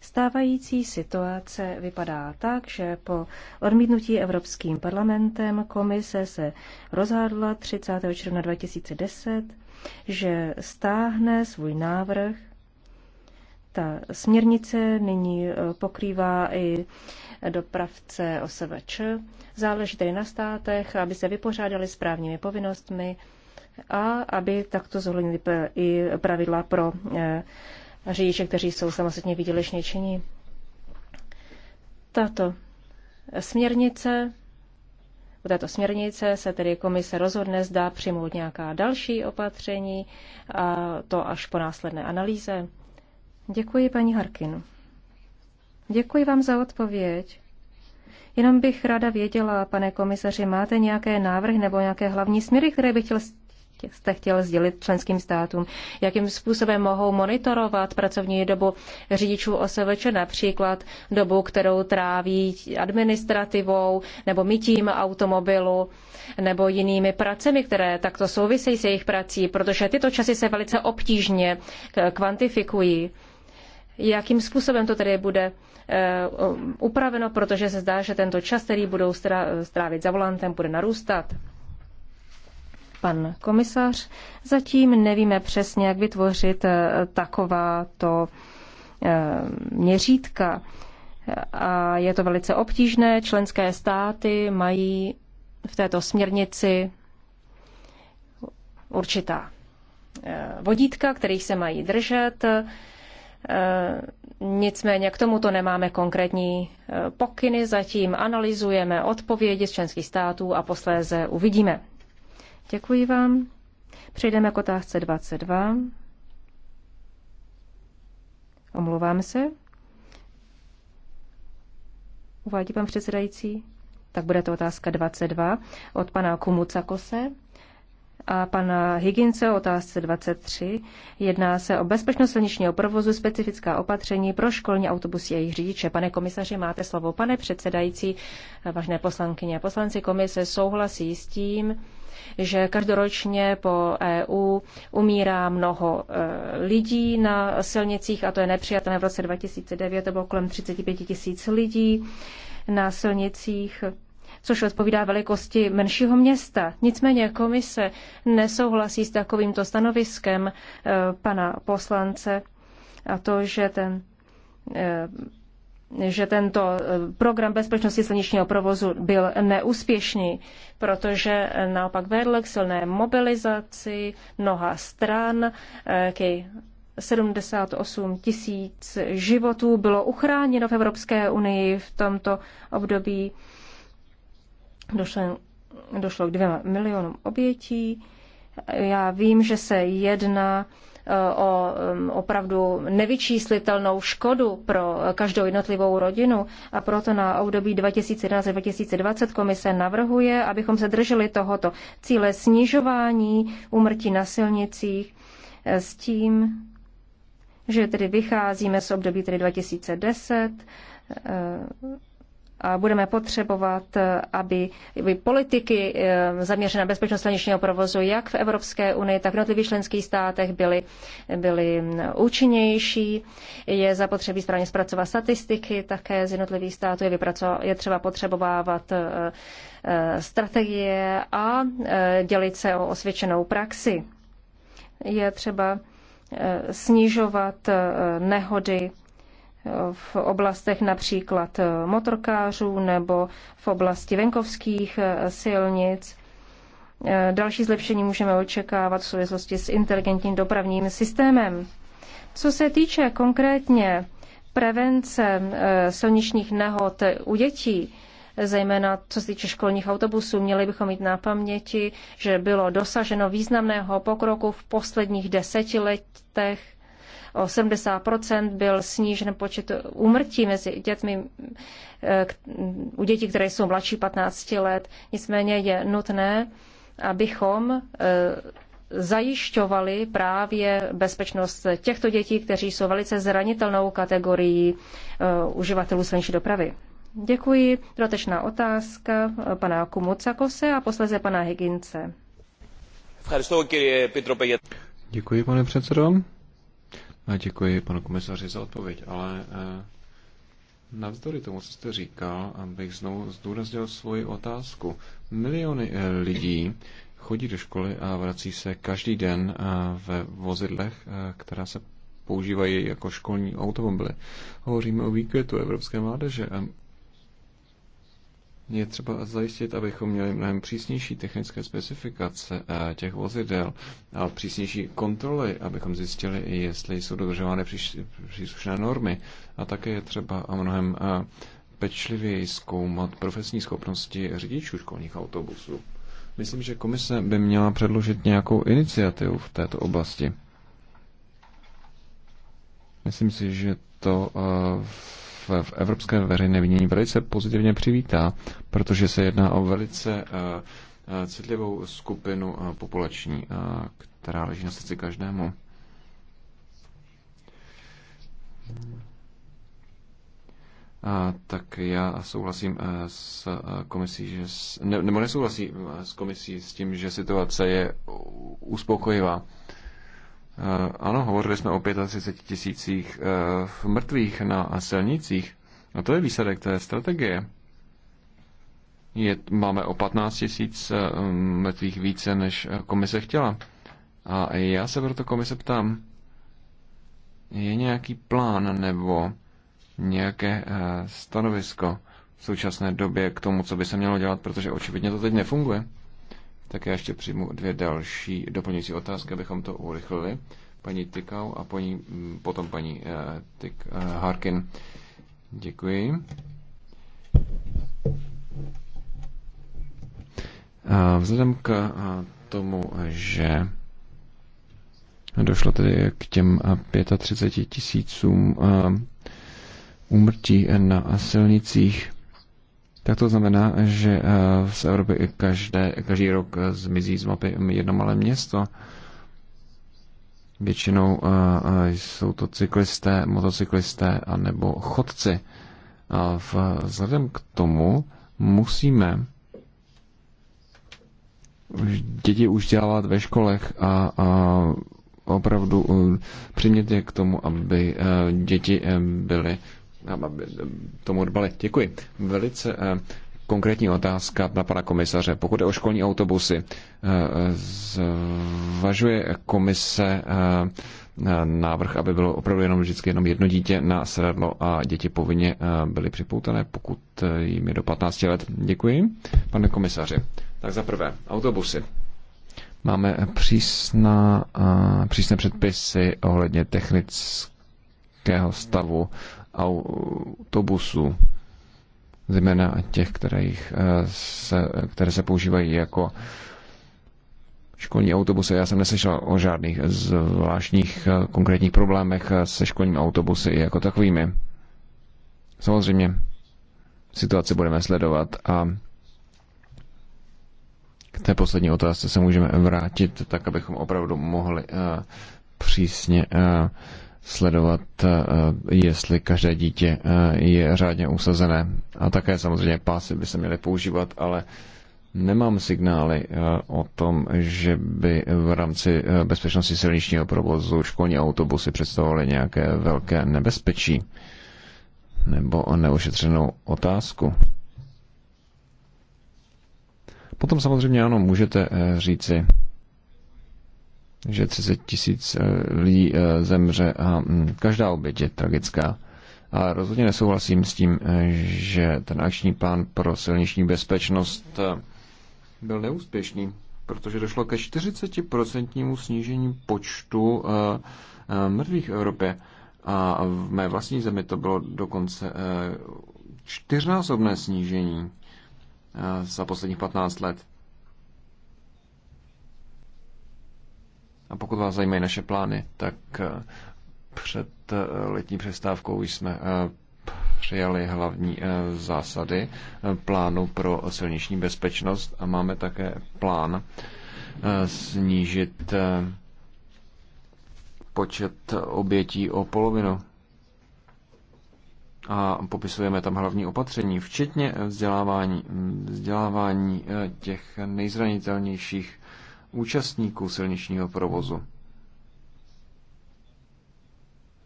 Stávající situace vypadá tak, že po odmítnutí Evropským parlamentem komise se rozhodla 30. června 2010, že stáhne svůj návrh. Ta směrnice nyní eh, pokrývá i dopravce OSVČ. Záleží tedy na státech, aby se vypořádali s právními povinnostmi a aby takto zohlednili i pravidla pro eh, řidiče, kteří jsou samostatně výdělečně činí. Tato směrnice u této směrnice se tedy komise rozhodne, zda přijmout nějaká další opatření, a to až po následné analýze. Děkuji, paní Harkinu. Děkuji vám za odpověď. Jenom bych ráda věděla, pane komisaři, máte nějaké návrhy nebo nějaké hlavní směry, které bych chtěl jste chtěl sdělit členským státům, jakým způsobem mohou monitorovat pracovní dobu řidičů OSVČ, například dobu, kterou tráví administrativou nebo mytím automobilu nebo jinými pracemi, které takto souvisejí s jejich prací, protože tyto časy se velice obtížně kvantifikují jakým způsobem to tedy bude eh, um, upraveno, protože se zdá, že tento čas, který budou strávit za volantem, bude narůstat. Pan komisař, zatím nevíme přesně, jak vytvořit eh, takováto eh, měřítka. A je to velice obtížné. Členské státy mají v této směrnici určitá vodítka, kterých se mají držet Eh, nicméně k tomuto nemáme konkrétní eh, pokyny, zatím analyzujeme odpovědi z členských států a posléze uvidíme. Děkuji vám. Přejdeme k otázce 22. Omlouvám se. Uvádí pan předsedající. Tak bude to otázka 22 od pana Kumucakose a pana Higince o otázce 23. Jedná se o bezpečnost silničního provozu, specifická opatření pro školní autobusy a jejich řidiče. Pane komisaři, máte slovo. Pane předsedající, vážné poslankyně a poslanci komise souhlasí s tím, že každoročně po EU umírá mnoho e, lidí na silnicích a to je nepřijatelné. V roce 2009 to bylo kolem 35 tisíc lidí na silnicích což odpovídá velikosti menšího města. Nicméně komise nesouhlasí s takovýmto stanoviskem eh, pana poslance a to, že ten eh, že tento eh, program bezpečnosti silničního provozu byl neúspěšný, protože naopak vedl k silné mobilizaci mnoha stran, k 78 tisíc životů bylo uchráněno v Evropské unii v tomto období Došlo, došlo k dvěma milionům obětí. Já vím, že se jedná eh, o mm, opravdu nevyčíslitelnou škodu pro každou jednotlivou rodinu a proto na období 2011-2020 komise navrhuje, abychom se drželi tohoto cíle snižování úmrtí na silnicích eh, s tím, že tedy vycházíme z období tedy 2010 budeme potřebovat, eh, aby politiky eh, zaměřené na bezpečnost silničního provozu jak v Evropské unii, tak v jednotlivých členských státech byly, byly mm, účinnější. Je zapotřebí správně zpracovat statistiky také z jednotlivých států, je, je třeba potřebovávat eh, strategie a dělit se o osvědčenou praxi. Je třeba snižovat nehody v oblastech například eh, motorkářů nebo v oblasti venkovských eh, silnic. Eh, další zlepšení můžeme očekávat v souvislosti s inteligentním dopravním systémem. Co se týče konkrétně prevence silničních nehod u dětí, zejména co se týče školních autobusů, měli bychom mít na paměti, že bylo dosaženo významného pokroku v posledních desetiletech o 70 byl snížen počet úmrtí mezi dětmi, eh, u dětí, které jsou mladší 15 let. Nicméně je nutné, abychom eh, zajišťovali právě bezpečnost těchto dětí, kteří jsou velice zranitelnou kategorií eh, uživatelů slenší dopravy. Děkuji. Dotečná otázka pana Kumucakose a posleze pana Higince. Děkuji, pane předsedo. A děkuji panu komisaři za odpověď, ale eh, navzdory tomu, co jste říkal, abych znovu zdůraznil svoji otázku. Miliony eh, lidí chodí do školy a vrací se každý den eh, ve vozidlech, která se používají jako školní automobily. Hovoříme o výkvětu Evropské mládeže je třeba zajistit, abychom měli mnohem přísnější technické specifikace eh, těch vozidel a přísnější kontroly, abychom zjistili, jestli jsou dodržovány příslušné normy. A také je třeba a mnohem eh, pečlivěji zkoumat profesní schopnosti řidičů školních autobusů. Myslím, že komise by měla předložit nějakou iniciativu v této oblasti. Myslím si, že to uh, v, v evropské veřejné vinění velice pozitivně přivítá, protože se jedná o velice eh, eh, citlivou skupinu eh, populační, která leží na srdci každému. A, tak já souhlasím s komisí, že s, ne, nebo nesouhlasím s komisí s tím, že situace je uspokojivá. Eh, ano, hovořili jsme o 35 tisících eh, mrtvých na silnicích. A to je výsledek té strategie. Je, máme o 15 tisíc eh, mrtvých více, než komise chtěla. A já se proto komise ptám, je nějaký plán nebo nějaké stanovisko v současné době k tomu, co by se mělo dělat, protože očividně to teď nefunguje? Tak já ještě přijmu dvě další doplňující otázky, abychom to urychlili. Paní Tykau a paní, mm, potom paní uh, Tyk, uh, Harkin. Děkuji. Eh, vzhledem k tomu, že došlo tedy k těm 35 tisícům úmrtí na silnicích, tak to znamená, že eh, z Evropy každé, každý rok eh, zmizí z mapy jedno malé město. Většinou eh, jsou to cyklisté, motocyklisté a nebo chodci. A vzhledem k tomu musíme děti už dělat ve školech a, a opravdu přimět je k tomu, aby děti byly aby tomu odbali. Děkuji. Velice eh, konkrétní otázka na pana komisaře. Pokud je o školní autobusy, eh, zvažuje komise eh, návrh, aby bylo opravdu jenom vždycky jenom jedno dítě na sedadlo a děti povinně byly připoutané, pokud jim je do 15 let. Děkuji, pane komisaři. Tak za prvé, autobusy. Máme přísná, přísné předpisy ohledně technického stavu autobusů, zejména těch, které, eh, se, které se používají jako školní autobusy. Já jsem neslyšel o žádných zvláštních eh, konkrétních problémech eh, se školními autobusy jako takovými. Samozřejmě situaci budeme sledovat a k té poslední otázce se můžeme vrátit, tak abychom opravdu mohli uh, přísně uh, sledovat, eh, jestli každé dítě eh, je řádně usazené. A také samozřejmě pásy by se měly používat, ale nemám signály eh, o tom, že by v rámci bezpečnosti silničního provozu školní autobusy představovaly nějaké velké nebezpečí nebo neušetřenou otázku. Potom samozřejmě ano, můžete říci, že 30 tisíc eh, lidí eh, zemře a mm, každá oběť je tragická. A rozhodně nesouhlasím s tím, eh, že ten akční plán pro silniční bezpečnost byl neúspěšný, protože došlo ke 40% snížení počtu mrtvých v Evropě. A v mé vlastní zemi to bylo dokonce čtyřnásobné snížení za posledních 15 let. A pokud vás zajímají naše plány, tak eh, před eh, letní přestávkou jsme eh, přijali hlavní zásady plánu pro silniční bezpečnost a máme také plán snížit počet obětí o polovinu. A popisujeme tam hlavní opatření, včetně vzdělávání, vzdělávání těch nejzranitelnějších účastníků silničního provozu.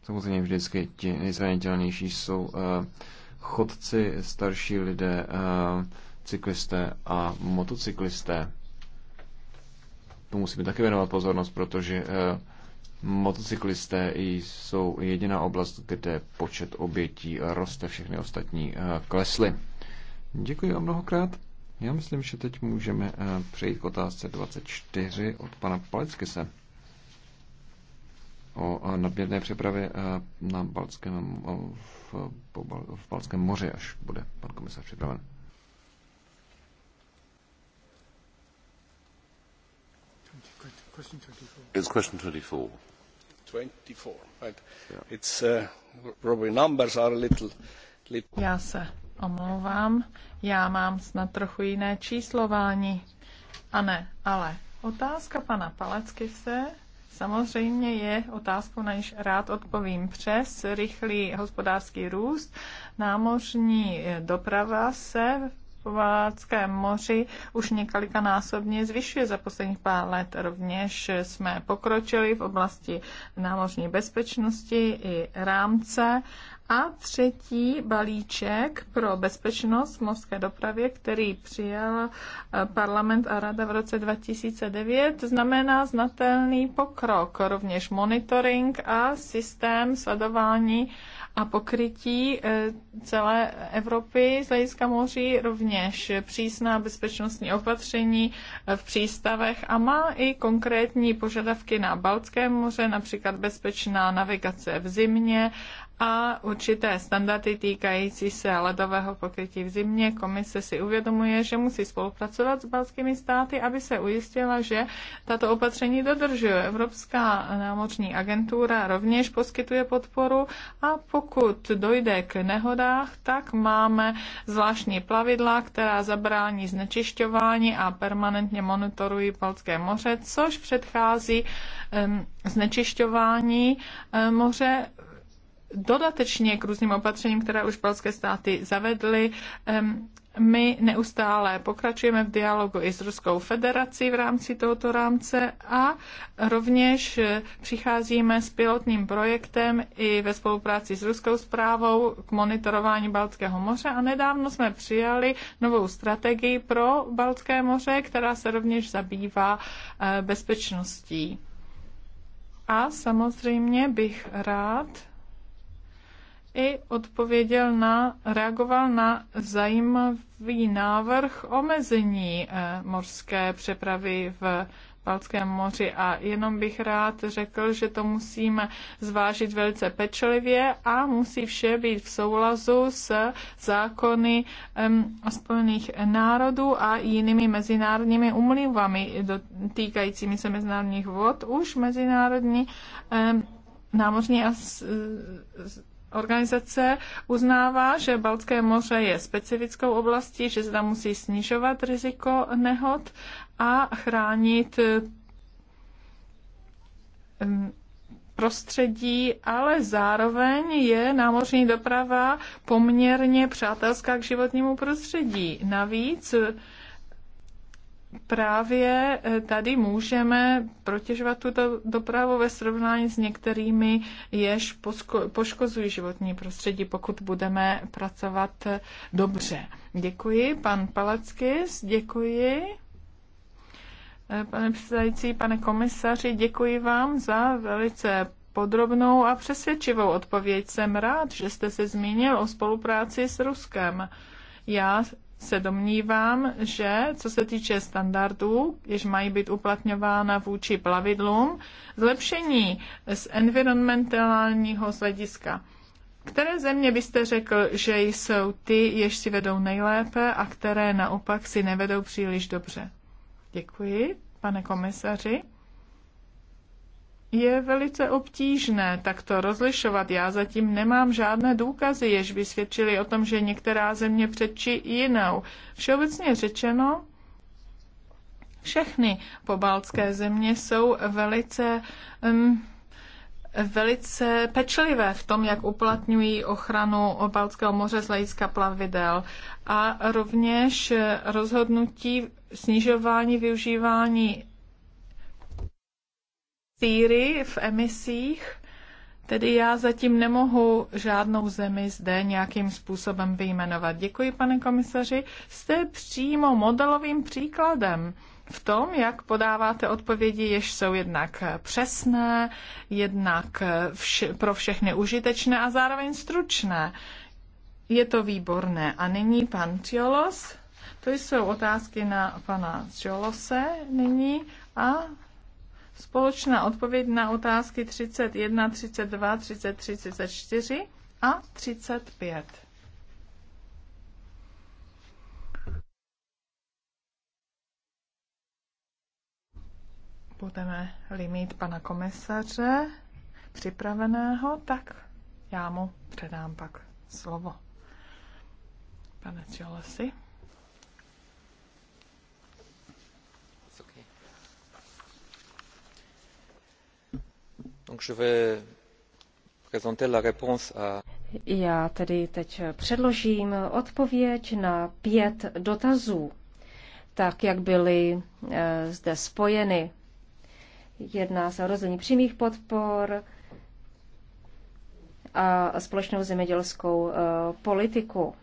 Samozřejmě vždycky ti nejzranitelnější jsou eh, chodci, starší lidé, eh, cyklisté a motocyklisté. To musíme taky věnovat pozornost, protože eh, motocyklisté jsou jediná oblast, kde počet obětí roste, všechny ostatní klesly. Děkuji vám mnohokrát. Já myslím, že teď můžeme eh, přejít k otázce 24 od pana Paleckise o eh, nadměrné přepravě eh, na Balckém, v, v Balckém moři, až bude pan komisař připraven. It's question 24. 24, right. Yeah. It's, uh, probably numbers are a little, little... Já se omlouvám, já mám snad trochu jiné číslování. A ne, ale otázka pana Palecky se samozřejmě je otázkou, na již rád odpovím. Přes rychlý hospodářský růst námořní doprava se Pobaltském moři už několikanásobně zvyšuje za posledních pár let. Rovněž jsme pokročili v oblasti námořní bezpečnosti i rámce. A třetí balíček pro bezpečnost v mořské dopravě, který přijal eh, parlament a rada v roce 2009, znamená znatelný pokrok, rovněž monitoring a systém sledování a pokrytí eh, celé Evropy z hlediska moří, rovněž přísná bezpečnostní opatření eh, v přístavech a má i konkrétní požadavky na Baltské moře, například bezpečná navigace v zimě a určité standardy týkající se ledového pokrytí v zimě. Komise si uvědomuje, že musí spolupracovat s balskými státy, aby se ujistila, že tato opatření dodržuje. Evropská námořní agentura rovněž poskytuje podporu a pokud dojde k nehodách, tak máme zvláštní plavidla, která zabrání znečišťování a permanentně monitorují Balské moře, což předchází znečišťování moře dodatečně k různým opatřením, které už polské státy zavedly, my neustále pokračujeme v dialogu i s Ruskou federací v rámci tohoto rámce a rovněž eh, přicházíme s pilotním projektem i ve spolupráci s Ruskou zprávou k monitorování Baltského moře a nedávno jsme přijali novou strategii pro Baltské moře, která se rovněž zabývá eh, bezpečností. A samozřejmě bych rád i odpověděl na, reagoval na zajímavý návrh omezení eh, mořské přepravy v Balckém moři a jenom bych rád řekl, že to musíme zvážit velice pečlivě a musí vše být v souhlasu s zákony um, Spojených národů a jinými mezinárodními umluvami týkajícími se mezinárodních vod. Už mezinárodní um, námořní a organizace uznává, že Baltské moře je specifickou oblastí, že tam musí snižovat riziko nehod a chránit prostředí, ale zároveň je námořní doprava poměrně přátelská k životnímu prostředí. Navíc právě eh, tady můžeme protěžovat tuto dopravu ve srovnání s některými, jež poškozují životní prostředí, pokud budeme pracovat eh, dobře. Děkuji, pan Palackis, děkuji. Eh, pane předsedající, pane komisaři, děkuji vám za velice podrobnou a přesvědčivou odpověď. Jsem rád, že jste se zmínil o spolupráci s Ruskem. Já se domnívám, že co se týče standardů, jež mají být uplatňována vůči plavidlům, zlepšení z environmentálního hlediska. Které země byste řekl, že jsou ty, jež si vedou nejlépe a které naopak si nevedou příliš dobře? Děkuji, pane komisaři je velice obtížné takto rozlišovat. Já zatím nemám žádné důkazy, jež by svědčili o tom, že některá země předčí jinou. Všeobecně řečeno, všechny pobaltské země jsou velice um, velice pečlivé v tom, jak uplatňují ochranu Balckého moře z hlediska plavidel a rovněž rozhodnutí snižování využívání síry v emisích, tedy já zatím nemohu žádnou zemi zde nějakým způsobem vyjmenovat. Děkuji, pane komisaři. Jste přímo modelovým příkladem v tom, jak podáváte odpovědi, jež jsou jednak přesné, jednak vš- pro všechny užitečné a zároveň stručné. Je to výborné. A nyní pan Ciolos. To jsou otázky na pana Ciolose nyní a Společná odpověď na otázky 31, 32, 33, 34 a 35. budeme limit pana komisaře připraveného, tak já mu předám pak slovo. Pane Čelesi. Já tedy teď předložím odpověď na pět dotazů, tak jak byly eh, zde spojeny. Jedná se o rozdělení přímých podpor a společnou zemědělskou eh, politiku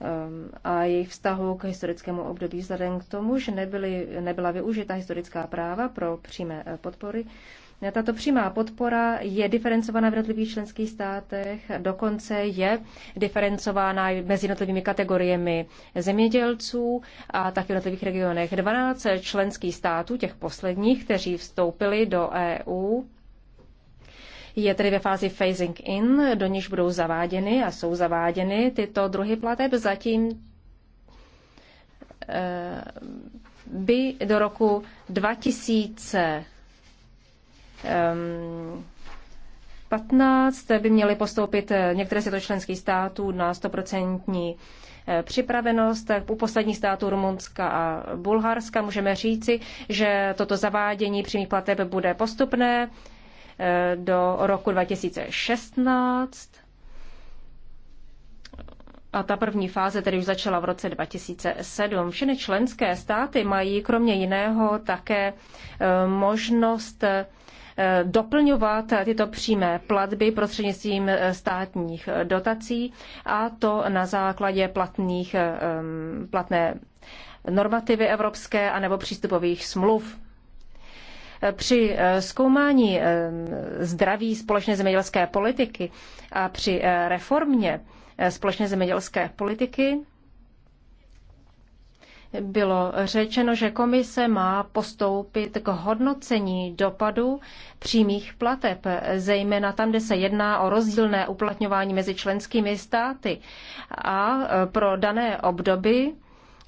ehm, a jejich vztahu k historickému období vzhledem k tomu, že nebyly, nebyla využita historická práva pro přímé eh, podpory tato přímá podpora je diferencovaná v jednotlivých členských státech, dokonce je diferencována mezi jednotlivými kategoriemi zemědělců a také v jednotlivých regionech. 12 členských států, těch posledních, kteří vstoupili do EU, je tedy ve fázi phasing in, do níž budou zaváděny a jsou zaváděny tyto druhy plateb. Zatím eh, by do roku 2000 15 by měly postoupit eh, některé z členských států na 100% eh, připravenost. U posledních států Rumunska a Bulharska můžeme říci, že toto zavádění přímých plateb bude postupné eh, do roku 2016 a ta první fáze tedy už začala v roce 2007. Všechny členské státy mají kromě jiného také e, možnost e, doplňovat tyto přímé platby prostřednictvím e, státních dotací a to na základě platných, platné normativy evropské anebo přístupových smluv. Při zkoumání zdraví společné zemědělské politiky a při reformě Eh, společné zemědělské politiky. Bylo řečeno, že komise má postoupit k hodnocení dopadu přímých plateb, zejména tam, kde se jedná o rozdílné uplatňování mezi členskými státy. A eh, pro dané období,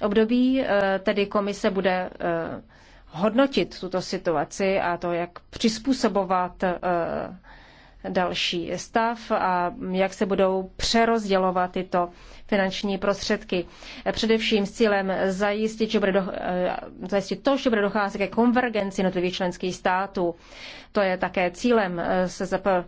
období eh, tedy komise bude hodnotit tuto situaci a to, jak přizpůsobovat další stav a jak se budou přerozdělovat tyto finanční prostředky. Především s cílem zajistit, že bude do, eh, zajistit to, že bude docházet ke konvergenci jednotlivých členských států. To je také cílem eh, SZP.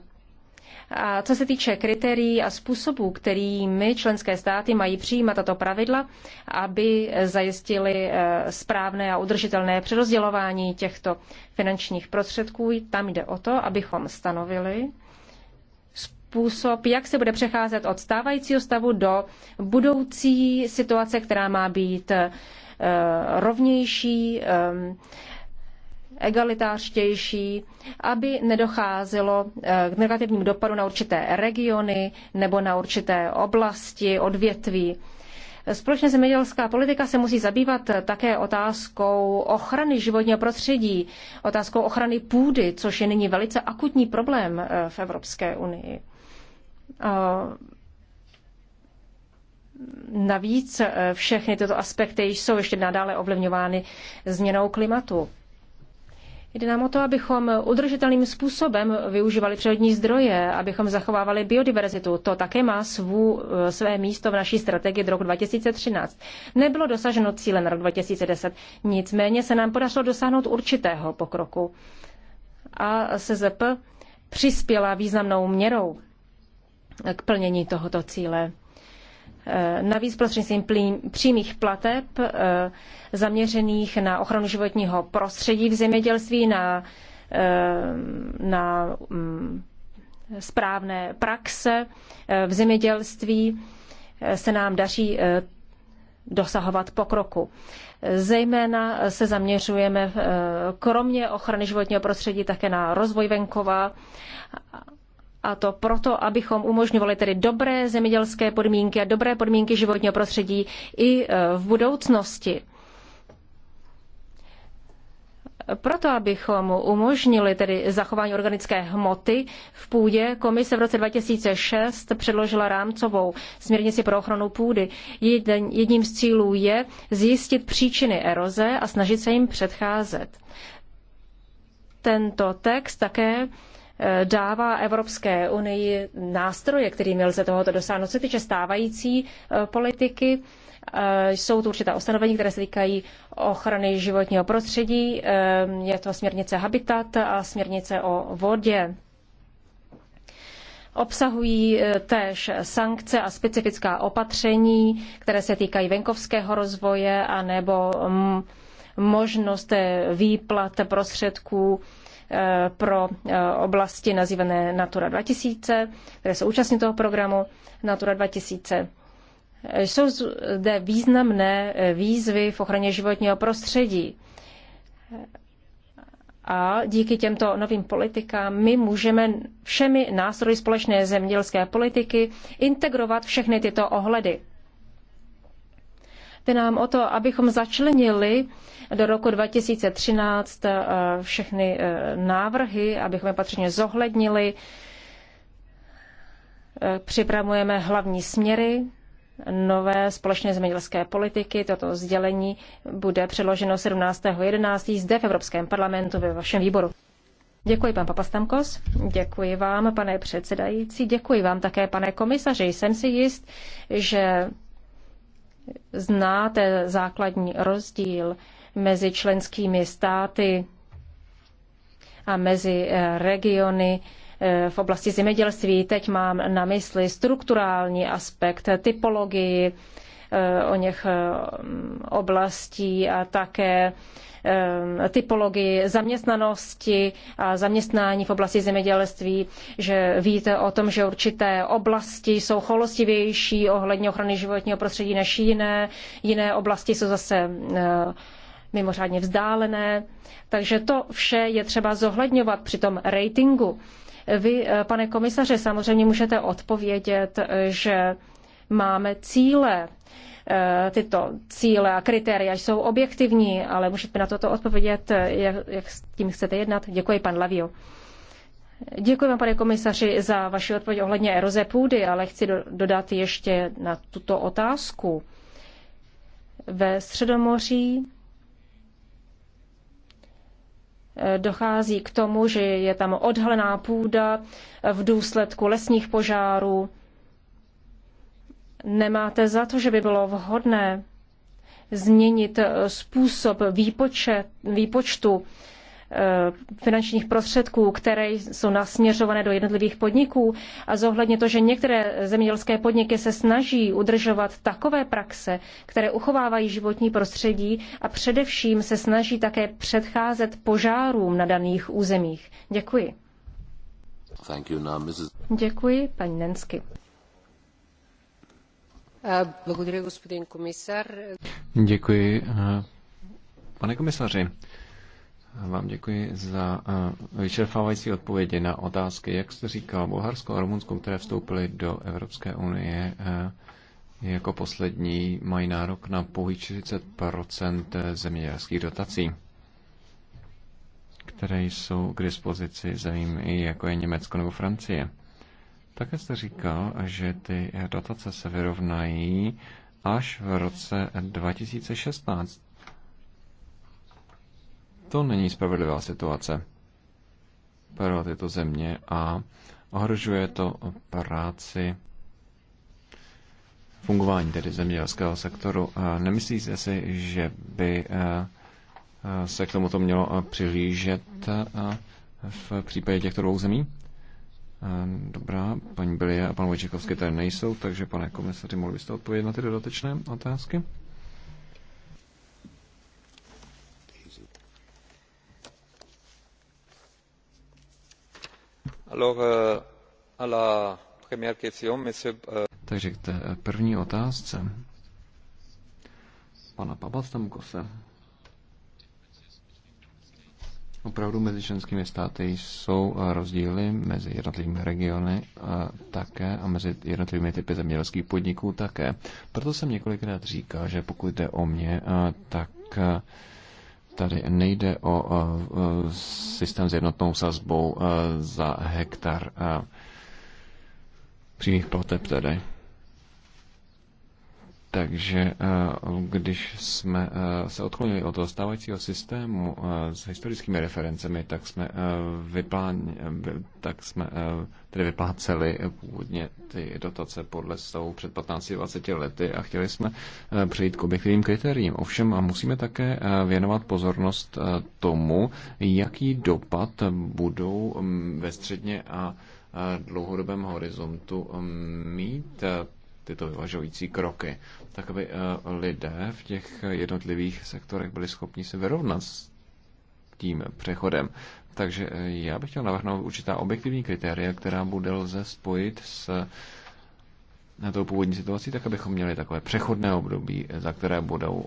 A co se týče kritérií a způsobů, kterými členské státy mají přijímat tato pravidla, aby zajistili eh, správné a udržitelné přerozdělování těchto finančních prostředků, tam jde o to, abychom stanovili způsob, jak se bude přecházet od stávajícího stavu do budoucí situace, která má být eh, rovnější, eh, egalitářtější, aby nedocházelo eh, k negativním dopadu na určité regiony nebo na určité oblasti, odvětví. Společně zemědělská politika se musí zabývat také otázkou ochrany životního prostředí, otázkou ochrany půdy, což je nyní velice akutní problém v Evropské unii. Eh, navíc eh, všechny tyto aspekty jsou ještě nadále ovlivňovány změnou klimatu. Jde nám o to, abychom udržitelným způsobem využívali přírodní zdroje, abychom zachovávali biodiverzitu. To také má svů, eh, své místo v naší strategii do roku 2013. Nebylo dosaženo cíle na rok 2010, nicméně se nám podařilo dosáhnout určitého pokroku. A SZP přispěla významnou měrou k plnění tohoto cíle. Eh, navíc prostřednictvím přímých plateb eh, zaměřených na ochranu životního prostředí v zemědělství, na, eh, na mm, správné praxe v zemědělství se nám daří dosahovat pokroku. Zejména se zaměřujeme kromě ochrany životního prostředí také na rozvoj venkova a to proto, abychom umožňovali tedy dobré zemědělské podmínky a dobré podmínky životního prostředí i e, v budoucnosti. Proto, abychom umožnili tedy zachování organické hmoty v půdě, komise v roce 2006 předložila rámcovou směrnici pro ochranu půdy. jedním z cílů je zjistit příčiny eroze a snažit se jim předcházet. Tento text také dává Evropské unii nástroje, kterými lze tohoto dosáhnout. Se týče stávající e, politiky, e, jsou tu určitá ustanovení, které se týkají ochrany životního prostředí, e, je to směrnice Habitat a směrnice o vodě. Obsahují též sankce a specifická opatření, které se týkají venkovského rozvoje anebo mm, možnost výplat prostředků Eh, pro eh, oblasti nazývané Natura 2000, které jsou účastní toho programu Natura 2000. Jsou zde významné eh, výzvy v ochraně životního prostředí. A díky těmto novým politikám my můžeme všemi nástroji společné zemědělské politiky integrovat všechny tyto ohledy. Jde nám o to, abychom začlenili do roku 2013 eh, všechny eh, návrhy, abychom je patřičně zohlednili. Eh, připravujeme hlavní směry nové společné zemědělské politiky. Toto sdělení bude předloženo 17.11. zde v Evropském parlamentu ve vašem výboru. Děkuji, pan Papastamkos. Děkuji vám, pane předsedající. Děkuji vám také, pane komisaři. Jsem si jist, že znáte základní rozdíl mezi členskými státy a mezi eh, regiony eh, v oblasti zemědělství. Teď mám na mysli strukturální aspekt, typologii eh, o něch oblastí a také Ehm, typologii zaměstnanosti a zaměstnání v oblasti zemědělství, že víte o tom, že určité oblasti jsou cholostivější ohledně ochrany životního prostředí než jiné, jiné oblasti jsou zase ehm, mimořádně vzdálené. Takže to vše je třeba zohledňovat při tom ratingu. Vy, eh, pane komisaře, samozřejmě můžete odpovědět, eh, že máme cíle. Eh, tyto cíle a kritéria jsou objektivní, ale můžete na toto odpovědět, jak, jak s tím chcete jednat. Děkuji, pan Lavio. Děkuji vám, pane komisaři, za vaši odpověď ohledně eroze půdy, ale chci dodat ještě na tuto otázku. Ve Středomoří eh, dochází k tomu, že je tam odhalená půda v důsledku lesních požárů Nemáte za to, že by bylo vhodné změnit eh, způsob výpočet, výpočtu eh, finančních prostředků, které jsou nasměřované do jednotlivých podniků a zohledně to, že některé zemědělské podniky se snaží udržovat takové praxe, které uchovávají životní prostředí a především se snaží také předcházet požárům na daných územích. Děkuji. Děkuji, paní Nensky. Děkuji. Э, pane komisaři, vám děkuji za э, vyčerpávající odpovědi na otázky. Jak jste říkal, Bulharsko a Rumunsko, které vstoupily do Evropské unie eh, jako poslední, mají nárok na pouhých 40 zemědělských dotací, které jsou k dispozici zemím jako je Německo nebo Francie. Také jste říkal, že ty dotace se vyrovnají až v roce 2016. To není spravedlivá situace pro tyto země a ohrožuje to práci fungování tedy zemědělského sektoru. Nemyslíte si, že by eh, eh, se k tomuto mělo eh, přihlížet v případě těchto dvou zemí? Ehm, dobrá, paní Bilie a pan Vojčekovský tady nejsou, takže pane komisaři, mohli byste odpovědět na ty dodatečné otázky? Euh, euh, takže k té eh, první otázce pana Papa Stamkose. Opravdu mezi členskými státy jsou eh, rozdíly mezi jednotlivými regiony a eh, také a mezi jednotlivými typy zemědělských podniků také. Proto jsem několikrát říkal, že pokud jde o mě, eh, tak tady nejde o systém s jednotnou sazbou za hektar přímých plateb tedy. Takže eh, když jsme eh, se odklonili od toho stávajícího systému eh, s historickými referencemi, tak jsme, vyplán, tak jsme tedy vypláceli původně ty dotace podle stavu před 15-20 lety a chtěli jsme přejít k objektivním kritériím. Ovšem a musíme také věnovat pozornost tomu, jaký dopad budou mm, ve středně a dlouhodobém horizontu mm, mít tyto vyvažující kroky tak aby eh, lidé v těch jednotlivých sektorech byli schopni se vyrovnat s tím přechodem. Takže eh, já bych chtěl navrhnout určitá objektivní kritéria, která bude lze spojit s na eh, tou původní situaci, tak abychom měli takové přechodné období, za, které budou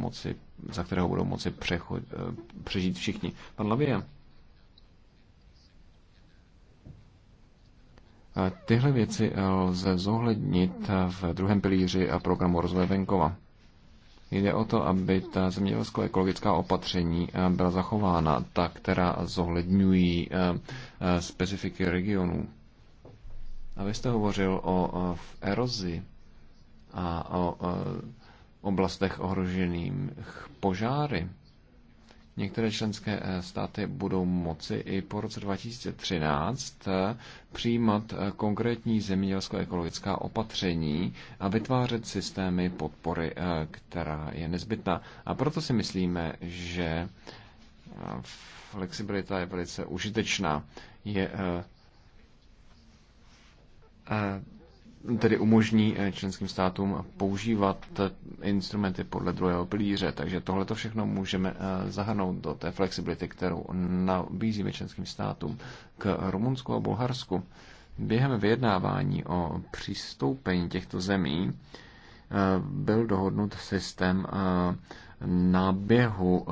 moci, za kterého budou moci přechod, přežít všichni. Pan Lavie. Tyhle věci eh, lze zohlednit eh, v druhém pilíři a eh, programu rozvoje venkova. Jde o to, aby ta zemědělsko-ekologická opatření byla zachována, ta, která zohledňují specifiky regionů. A vy jste hovořil o erozi a o oblastech ohrožených požáry. Některé členské eh, státy budou moci i po roce 2013 eh, přijímat eh, konkrétní zemědělsko-ekologická opatření a vytvářet systémy podpory, která je nezbytná. A proto si myslíme, že flexibilita je velice užitečná. Je tedy umožní eh, členským státům používat instrumenty podle druhého pilíře. Takže tohle to všechno můžeme eh, zahrnout do té flexibility, kterou nabízíme členským státům k Rumunsku a Bulharsku. Během vyjednávání o přistoupení těchto zemí eh, byl dohodnut systém náběhu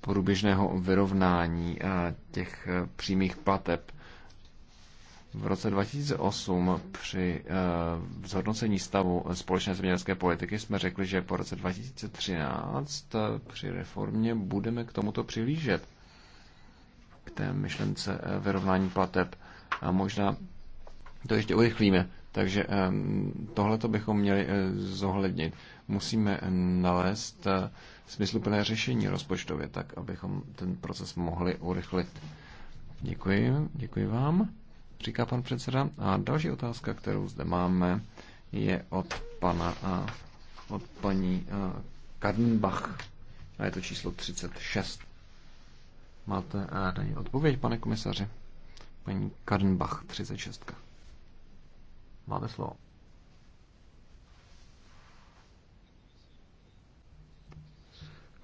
průběžného vyrovnání těch přímých plateb v roce 2008 při eh, zhodnocení stavu společné zemědělské politiky jsme řekli, že po roce 2013 eh, při reformě budeme k tomuto přihlížet, k té myšlence eh, vyrovnání plateb. A možná to ještě urychlíme. Takže tohle to bychom měli zohlednit. Musíme nalézt smysluplné řešení rozpočtově, tak abychom ten proces mohli urychlit. Děkuji, děkuji vám říká pan předseda. A další otázka, kterou zde máme, je od pana a od paní Kadenbach a je to číslo 36. Máte a na odpověď, pane komisaři? Paní Kadenbach, 36. Máte slovo.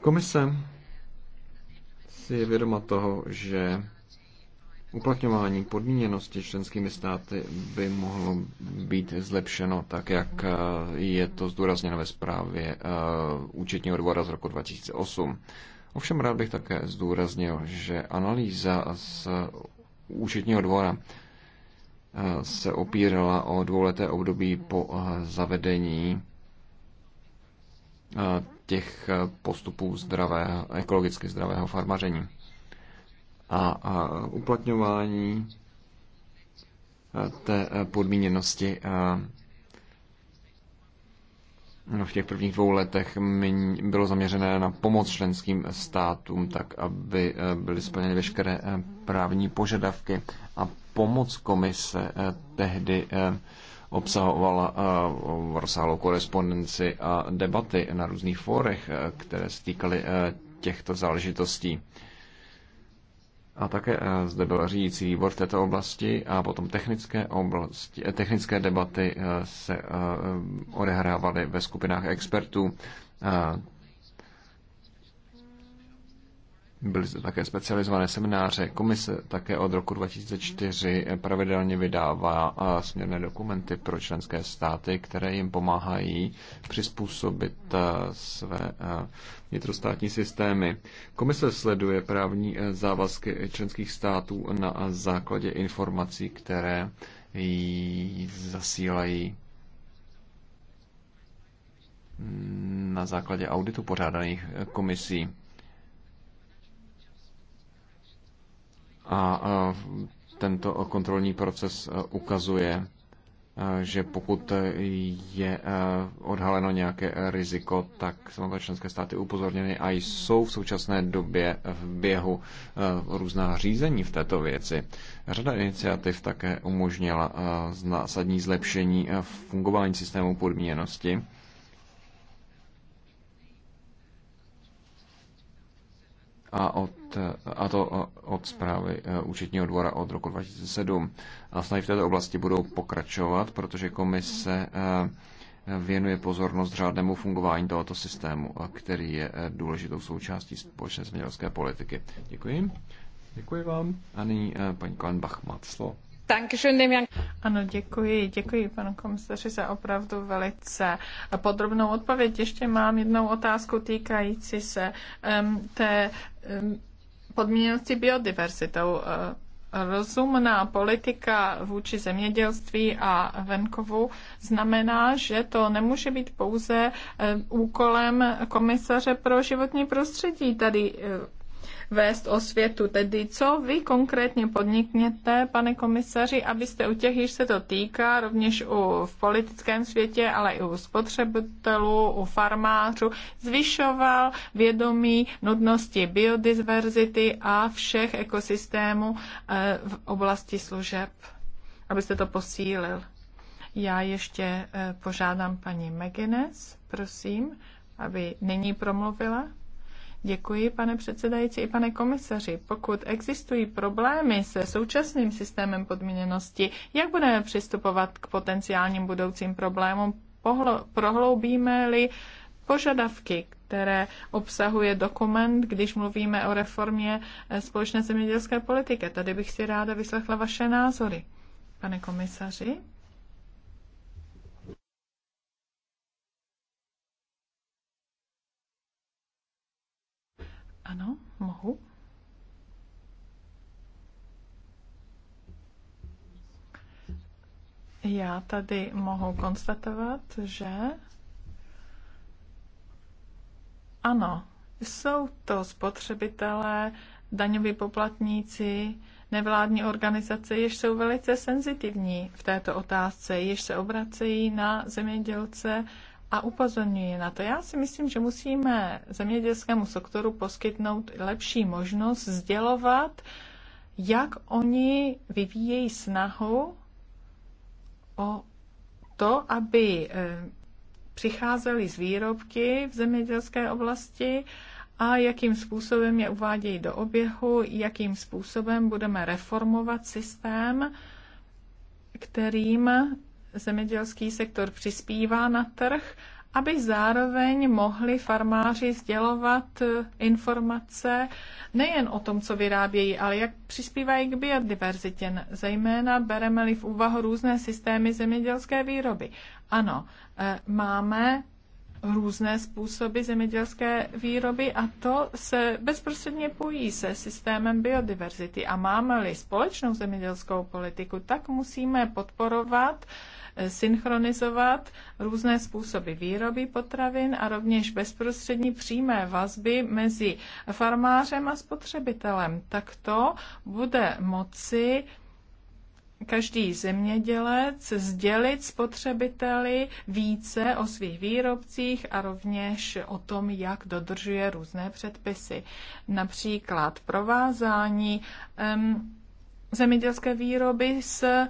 Komise si je vědoma toho, že uplatňování podmíněnosti členskými státy by mohlo být zlepšeno, tak jak eh, je to zdůrazněno ve zprávě eh, účetního dvora z roku 2008. Ovšem rád bych také zdůraznil, že analýza z účetního dvora eh, se opírala o dvouleté období po zavedení těch postupů zdravého, ekologicky zdravého farmaření a, a uplatňování eh, té eh, podmíněnosti eh, no, v těch prvních dvou letech bylo zaměřené na pomoc členským státům, tak aby byly splněny veškeré právní požadavky a pomoc komise tehdy obsahovala rozsáhlou korespondenci a debaty na různých fórech, které se týkaly těchto záležitostí. A také eh, zde byl řídící výbor v této oblasti a potom technické, oblasti, eh, technické debaty eh, se odehrávaly ve skupinách expertů. Byly zde také specializované semináře. Komise také od roku 2004 pravidelně vydává směrné dokumenty pro členské státy, které jim pomáhají přizpůsobit své vnitrostátní systémy. Komise sleduje právní e, závazky členských států na základě informací, které jí zasílají na základě auditu pořádaných e, komisí. A tento kontrolní proces e, ukazuje, e, že pokud je e, odhaleno nějaké riziko, tak samozřejmě členské státy upozorněny a jsou v současné době v běhu různá řízení v této věci. Řada iniciativ také umožnila zásadní zlepšení fungování systému podmíněnosti a, od, a to od zprávy eh, účetního dvora od roku 2007. A snad v této oblasti budou pokračovat, protože komise eh, věnuje pozornost řádnému fungování tohoto systému, který je eh, důležitou součástí společné zemědělské politiky. Děkuji. Děkuji vám. A nyní paní Kalenbach má slovo. Ano, děkuji. Děkuji panu komisaři za opravdu velice podrobnou odpověď. Ještě mám jednou otázku týkající se um, té um, podmíněnosti biodiverzitou. E, rozumná politika vůči zemědělství a venkovu znamená, že to nemůže být pouze úkolem komisaře pro životní prostředí. Tady vést o světu. Tedy co vy konkrétně podnikněte, pane komisaři, abyste u těch, již se to týká, rovněž u, v politickém světě, ale i u spotřebitelů, u farmářů, zvyšoval vědomí nutnosti biodiverzity a všech ekosystémů eh, v oblasti služeb, abyste to posílil. Já ještě eh, požádám paní Megines, prosím, aby nyní promluvila. Děkuji, pane předsedající i pane komisaři. Pokud existují problémy se současným systémem podmíněnosti, jak budeme přistupovat k potenciálním budoucím problémům? Prohloubíme-li požadavky, které obsahuje dokument, když mluvíme o reformě eh, společné zemědělské politiky. Tady bych si ráda vyslechla vaše názory, pane komisaři. Ano, mohu. Já tady mohu konstatovat, že ano, jsou to spotřebitelé, daňoví poplatníci, nevládní organizace, jež jsou velice senzitivní v této otázce, jež se obracejí na zemědělce a upozorňuji na to. Já si myslím, že musíme zemědělskému sektoru poskytnout lepší možnost sdělovat, jak oni vyvíjejí snahu o to, aby eh, přicházeli z výrobky v zemědělské oblasti a jakým způsobem je uvádějí do oběhu, jakým způsobem budeme reformovat systém, kterým zemědělský sektor přispívá na trh, aby zároveň mohli farmáři sdělovat eh, informace nejen o tom, co vyrábějí, ale jak přispívají k biodiverzitě. Zejména bereme-li v úvahu různé systémy zemědělské výroby. Ano, eh, máme různé způsoby zemědělské výroby a to se bezprostředně pojí se systémem biodiverzity. A máme-li společnou zemědělskou politiku, tak musíme podporovat uh, synchronizovat různé způsoby výroby potravin a rovněž bezprostřední přímé vazby mezi farmářem a spotřebitelem. Takto bude moci každý zemědělec sdělit spotřebiteli více o svých výrobcích a rovněž o tom, jak dodržuje různé předpisy. Například provázání um, zemědělské výroby s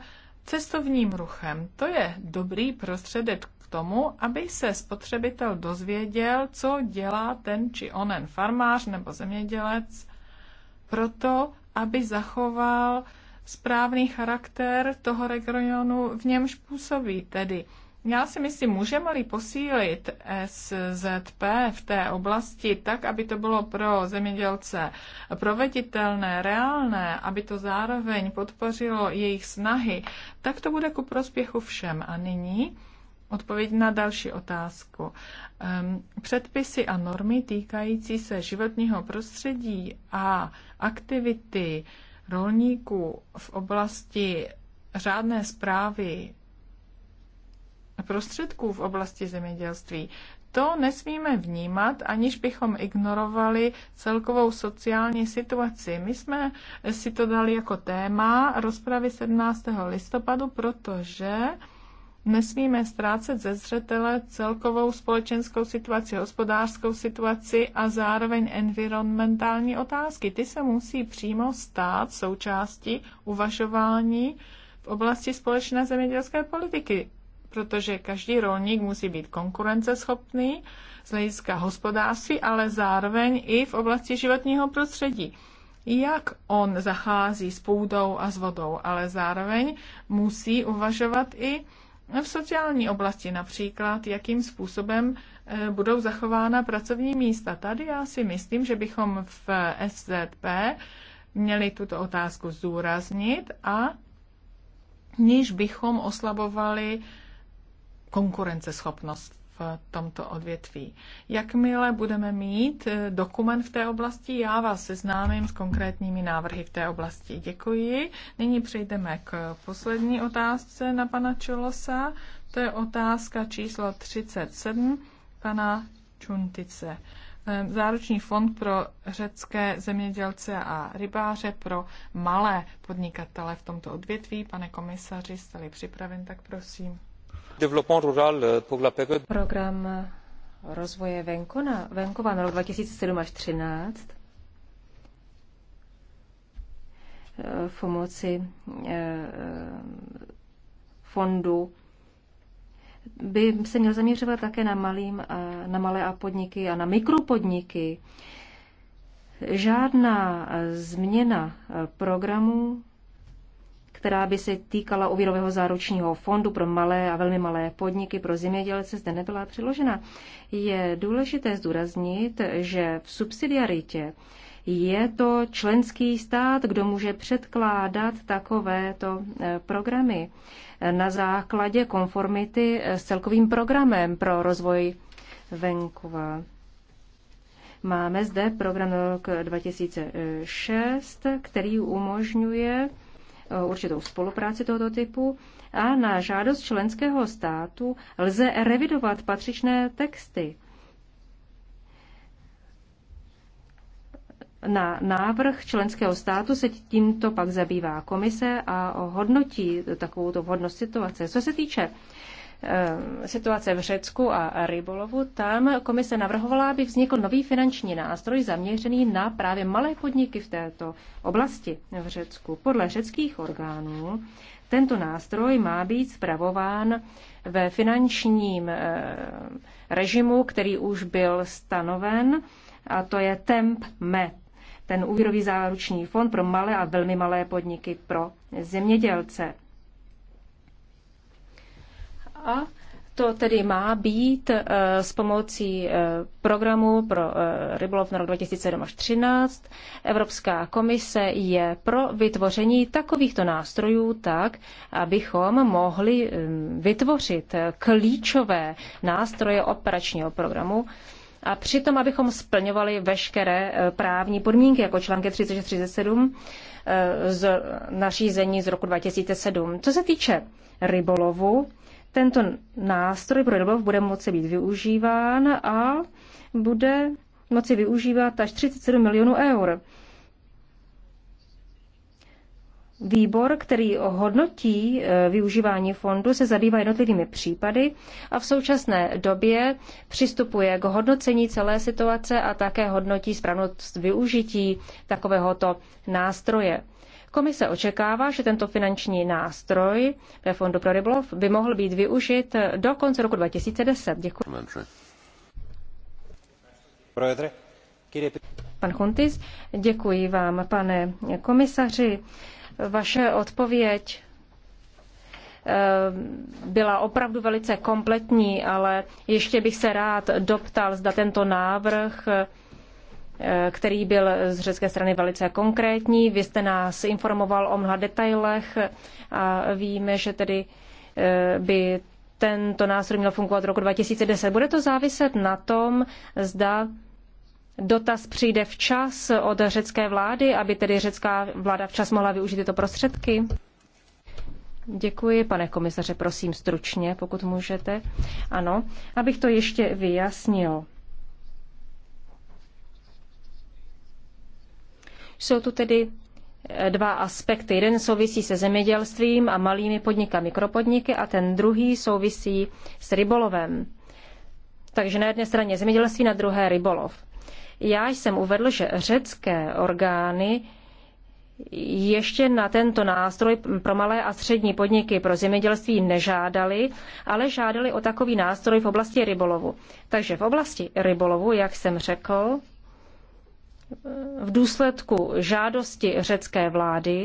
Cestovním ruchem to je dobrý prostředek k tomu, aby se spotřebitel dozvěděl, co dělá ten či onen farmář nebo zemědělec, proto, aby zachoval správný charakter toho regionu, v němž působí, tedy já si myslím, můžeme-li posílit SZP v té oblasti tak, aby to bylo pro zemědělce proveditelné, reálné, aby to zároveň podpořilo jejich snahy, tak to bude ku prospěchu všem. A nyní odpověď na další otázku. Ehm, předpisy a normy týkající se životního prostředí a aktivity rolníků v oblasti řádné zprávy prostředků v oblasti zemědělství. To nesmíme vnímat, aniž bychom ignorovali celkovou sociální situaci. My jsme si to dali jako téma rozpravy 17. listopadu, protože nesmíme ztrácet ze zřetele celkovou společenskou situaci, hospodářskou situaci a zároveň environmentální otázky. Ty se musí přímo stát součástí uvažování v oblasti společné zemědělské politiky protože každý rolník musí být konkurenceschopný z hlediska hospodářství, ale zároveň i v oblasti životního prostředí. Jak on zachází s půdou a s vodou, ale zároveň musí uvažovat i v sociální oblasti například, jakým způsobem eh, budou zachována pracovní místa. Tady já si myslím, že bychom v SZP měli tuto otázku zúraznit a niž bychom oslabovali konkurenceschopnost v tomto odvětví. Jakmile budeme mít eh, dokument v té oblasti, já vás seznámím s konkrétními návrhy v té oblasti. Děkuji. Nyní přejdeme k poslední otázce na pana Čolosa. To je otázka číslo 37 pana Čuntice. Ehm, Záruční fond pro řecké zemědělce a rybáře pro malé podnikatele v tomto odvětví. Pane komisaři, jste-li připraven, tak prosím. Eh, Program eh, rozvoje venkona, venkova na rok 2007 až 2013 v eh, pomoci fondu by se měl zaměřovat také na, malým, na malé a podniky a na mikropodniky. Žádná změna programu která by se týkala úvěrového záručního fondu pro malé a velmi malé podniky pro zemědělce, zde nebyla přiložena. Je důležité zdůraznit, že v subsidiaritě je to členský stát, kdo může předkládat takovéto e, programy na základě konformity s celkovým programem pro rozvoj venkova. Máme zde program rok 2006, který umožňuje Eh, určitou spolupráci tohoto typu a na žádost členského státu lze revidovat patřičné texty. Na návrh členského státu se tímto pak zabývá komise a hodnotí takovou vhodnost situace. Co se týče Eh, situace v Řecku a rybolovu, tam komise navrhovala, aby vznikl nový finanční nástroj zaměřený na právě malé podniky v této oblasti v Řecku. Podle řeckých orgánů tento nástroj má být spravován ve finančním eh, režimu, který už byl stanoven, a to je temp MET, ten úvěrový záruční fond pro malé a velmi malé podniky pro zemědělce. A to tedy má být eh, s pomocí eh, programu pro eh, rybolov na rok 2007 až 2013. Evropská komise je pro vytvoření takovýchto nástrojů tak, abychom mohli mm, vytvořit klíčové nástroje operačního programu a přitom, abychom splňovali veškeré právní podmínky, jako články 3637 z nařízení z roku 2007. Co se týče rybolovu, tento nástroj pro rybolov bude moci být využíván a bude moci využívat až 37 milionů eur. Výbor, který hodnotí e, využívání fondu, se zabývá jednotlivými případy a v současné době přistupuje k hodnocení celé situace a také hodnotí správnost využití takovéhoto nástroje. Komise očekává, že tento finanční nástroj ve Fondu pro rybolov by mohl být využit do konce roku 2010. Děkuji. Pan Chuntis, děkuji vám, pane komisaři. Vaše odpověď eh, byla opravdu velice kompletní, ale ještě bych se rád doptal, zda tento návrh který byl z řecké strany velice konkrétní. Vy jste nás informoval o mnoha detailech a víme, že tedy eh, by tento nástroj měl fungovat roku 2010. Bude to záviset na tom, zda dotaz přijde včas od řecké vlády, aby tedy řecká vláda včas mohla využít tyto prostředky? Děkuji, pane komisaře, prosím stručně, pokud můžete. Ano, abych to ještě vyjasnil. Jsou tu tedy eh, dva aspekty. Jeden souvisí se zemědělstvím a malými podniky, mikropodniky a ten druhý souvisí s rybolovem. Takže na jedné straně zemědělství, na druhé rybolov. Já jsem uvedl, že řecké orgány ještě na tento nástroj pro malé a střední podniky pro zemědělství nežádali, ale žádali o takový nástroj v oblasti rybolovu. Takže v oblasti rybolovu, jak jsem řekl, v důsledku žádosti řecké vlády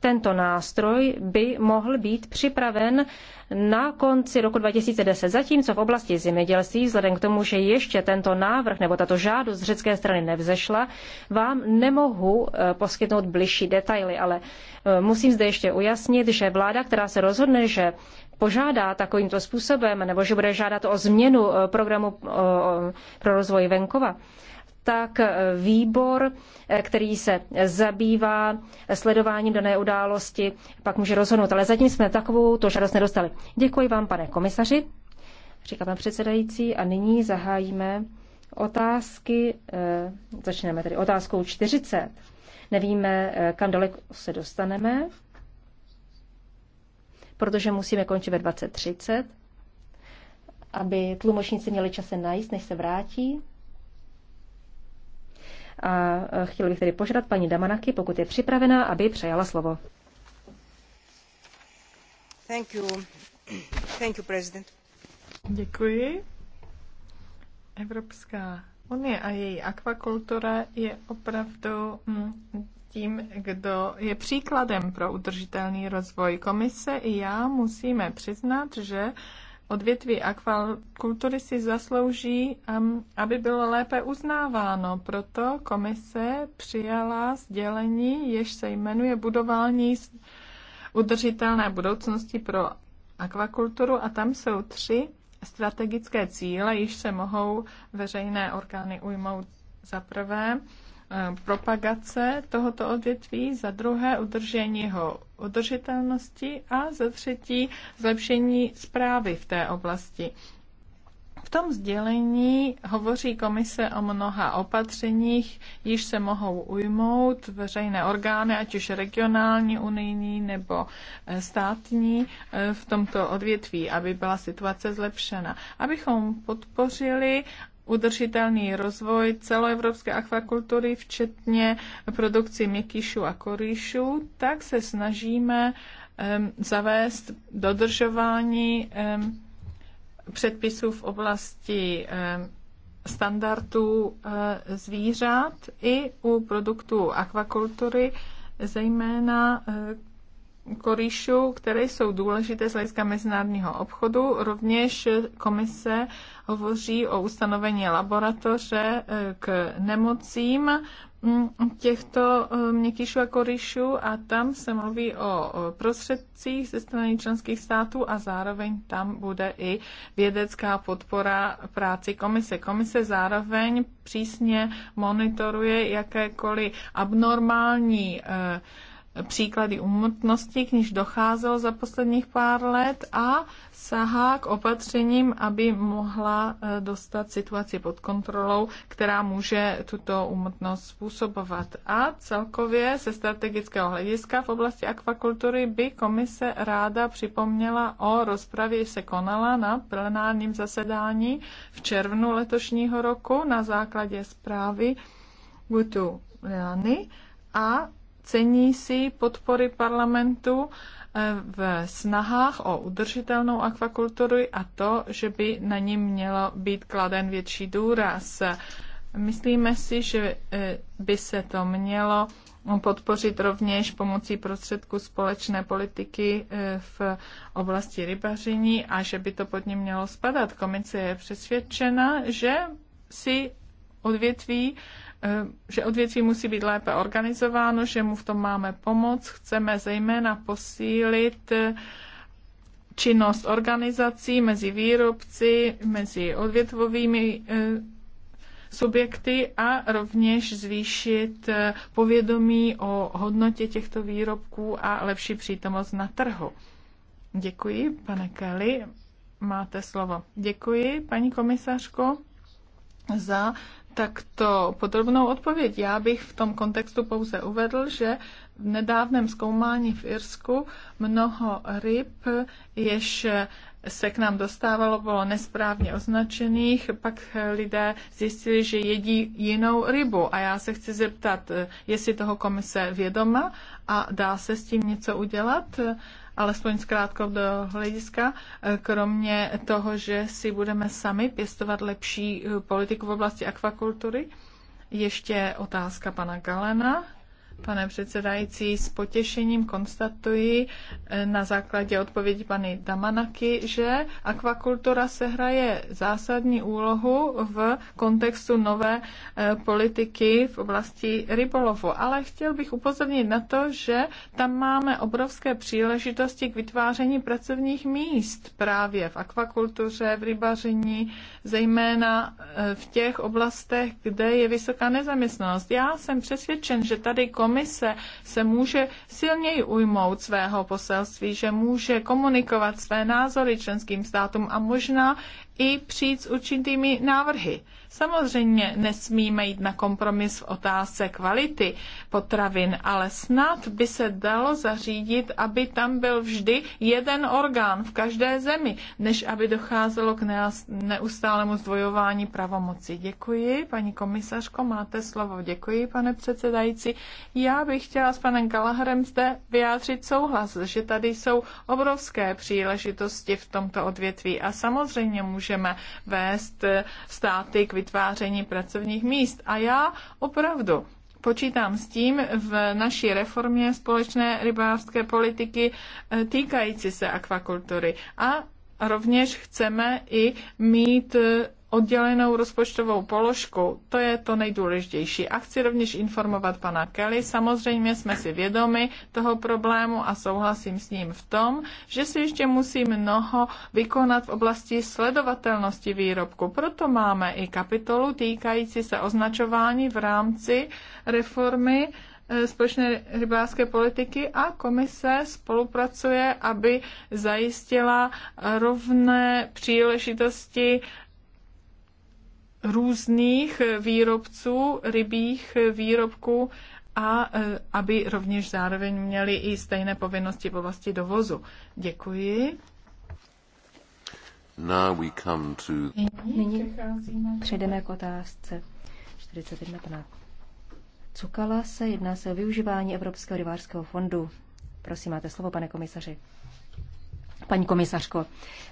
tento nástroj by mohl být připraven na konci roku 2010. Zatímco v oblasti zemědělství, vzhledem k tomu, že ještě tento návrh nebo tato žádost z řecké strany nevzešla, vám nemohu eh, poskytnout bližší detaily, ale eh, musím zde ještě ujasnit, že vláda, která se rozhodne, že požádá takovýmto způsobem nebo že bude žádat o změnu eh, programu pro rozvoj venkova, tak výbor, který se zabývá sledováním dané události, pak může rozhodnout. Ale zatím jsme takovou to žádost nedostali. Děkuji vám, pane komisaři, říká pan předsedající, a nyní zahájíme otázky. Eh, začneme tedy otázkou 40. Nevíme, eh, kam daleko se dostaneme, protože musíme končit ve 20.30, aby tlumočníci měli čas se najíst, než se vrátí. A chtěl bych tedy požádat paní Damanaky, pokud je připravená, aby přejala slovo. Thank you. Thank you, president. Děkuji. Evropská unie a její akvakultura je opravdu mm, tím, kdo je příkladem pro udržitelný rozvoj komise. I já musíme přiznat, že odvětví akvakultury si zaslouží, um, aby bylo lépe uznáváno. Proto komise přijala sdělení, jež se jmenuje budování udržitelné budoucnosti pro akvakulturu a tam jsou tři strategické cíle, již se mohou veřejné orgány ujmout. Za prvé, Eh, propagace tohoto odvětví, za druhé udržení jeho udržitelnosti a za třetí zlepšení zprávy v té oblasti. V tom sdělení hovoří komise o mnoha opatřeních, již se mohou ujmout veřejné orgány, ať už regionální, unijní nebo eh, státní eh, v tomto odvětví, aby byla situace zlepšena. Abychom podpořili udržitelný rozvoj celoevropské akvakultury, včetně produkci měkýšů a korýšů, tak se snažíme um, zavést dodržování um, předpisů v oblasti um, standardů uh, zvířat i u produktů akvakultury, zejména uh, korýšů, které jsou důležité z hlediska mezinárodního obchodu. Rovněž komise hovoří o ustanovení laboratoře eh, k nemocím mm, těchto eh, měkkýšů a korýšů a tam se mluví o prostředcích ze strany členských států a zároveň tam bude i vědecká podpora práci komise. Komise zároveň přísně monitoruje jakékoliv abnormální eh, příklady úmrtnosti, k níž docházelo za posledních pár let a sahá k opatřením, aby mohla eh, dostat situaci pod kontrolou, která může tuto umotnost způsobovat. A celkově se strategického hlediska v oblasti akvakultury by komise ráda připomněla o rozpravě, se konala na plenárním zasedání v červnu letošního roku na základě zprávy Gutu Leany a cení si podpory parlamentu eh, v snahách o udržitelnou akvakulturu a to, že by na ní mělo být kladen větší důraz. Myslíme si, že eh, by se to mělo podpořit rovněž pomocí prostředků společné politiky eh, v oblasti rybaření a že by to pod ním mělo spadat. Komise je přesvědčena, že si odvětví Eh, že odvětví musí být lépe organizováno, že mu v tom máme pomoc. Chceme zejména posílit eh, činnost organizací mezi výrobci, mezi odvětvovými eh, subjekty a rovněž zvýšit povědomí o hodnotě těchto výrobků a lepší přítomnost na trhu. Děkuji, pane Kelly. Máte slovo. Děkuji, paní komisařko, za takto podrobnou odpověď. Já bych v tom kontextu pouze uvedl, že v nedávném zkoumání v Irsku mnoho ryb, jež se k nám dostávalo, bylo nesprávně označených, pak lidé zjistili, že jedí jinou rybu. A já se chci zeptat, jestli toho komise vědoma a dá se s tím něco udělat alespoň z do hlediska, eh, kromě toho, že si budeme sami pěstovat lepší eh, politiku v oblasti akvakultury. Ještě otázka pana Galena. Pane předsedající, s potěšením konstatuji eh, na základě odpovědi paní Damanaky, že akvakultura se hraje zásadní úlohu v kontextu nové eh, politiky v oblasti rybolovu. Ale chtěl bych upozornit na to, že tam máme obrovské příležitosti k vytváření pracovních míst právě v akvakultuře, v rybaření, zejména eh, v těch oblastech, kde je vysoká nezaměstnanost. Já jsem přesvědčen, že tady kon komise se může silněji ujmout svého poselství, že může komunikovat své názory členským státům a možná i přijít s určitými návrhy. Samozřejmě nesmíme jít na kompromis v otázce kvality potravin, ale snad by se dalo zařídit, aby tam byl vždy jeden orgán v každé zemi, než aby docházelo k neustálému zdvojování pravomoci. Děkuji, paní komisařko, máte slovo. Děkuji, pane předsedající. Já bych chtěla s panem Gallagherem zde vyjádřit souhlas, že tady jsou obrovské příležitosti v tomto odvětví a samozřejmě můžeme vést eh, státy k vytvoření vytváření pracovních míst. A já opravdu počítám s tím v naší reformě společné rybářské politiky eh, týkající se akvakultury. A rovněž chceme i mít eh, oddělenou rozpočtovou položku, to je to nejdůležitější. A chci rovněž informovat pana Kelly. Samozřejmě jsme si vědomi toho problému a souhlasím s ním v tom, že si ještě musí mnoho vykonat v oblasti sledovatelnosti výrobku. Proto máme i kapitolu týkající se označování v rámci reformy eh, společné rybářské politiky a komise spolupracuje, aby zajistila rovné příležitosti různých výrobců rybích výrobků a e, aby rovněž zároveň měli i stejné povinnosti v oblasti dovozu. Děkuji. Now we come to... Nyní přejdeme k otázce 41 Cukala se jedná se o využívání Evropského rybářského fondu. Prosím, máte slovo, pane komisaři. Paní komisařko,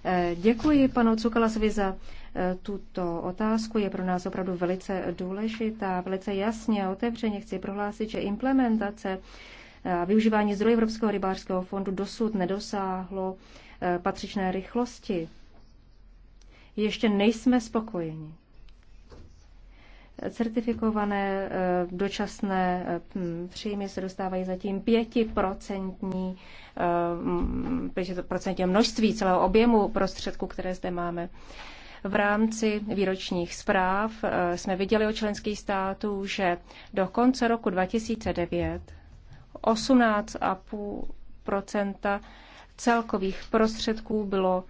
eh, děkuji panu Cukalasovi za eh, tuto otázku. Je pro nás opravdu velice důležitá. Velice jasně a otevřeně chci prohlásit, že implementace eh, a využívání zdrojů Evropského rybářského fondu dosud nedosáhlo patřičné rychlosti. Ještě nejsme spokojeni certifikované eh, dočasné eh, příjmy se dostávají zatím pětiprocentní eh, procentě množství celého objemu prostředků, které zde máme. V rámci výročních zpráv jsme viděli o členských států, že do konce roku 2009 18,5 celkových prostředků bylo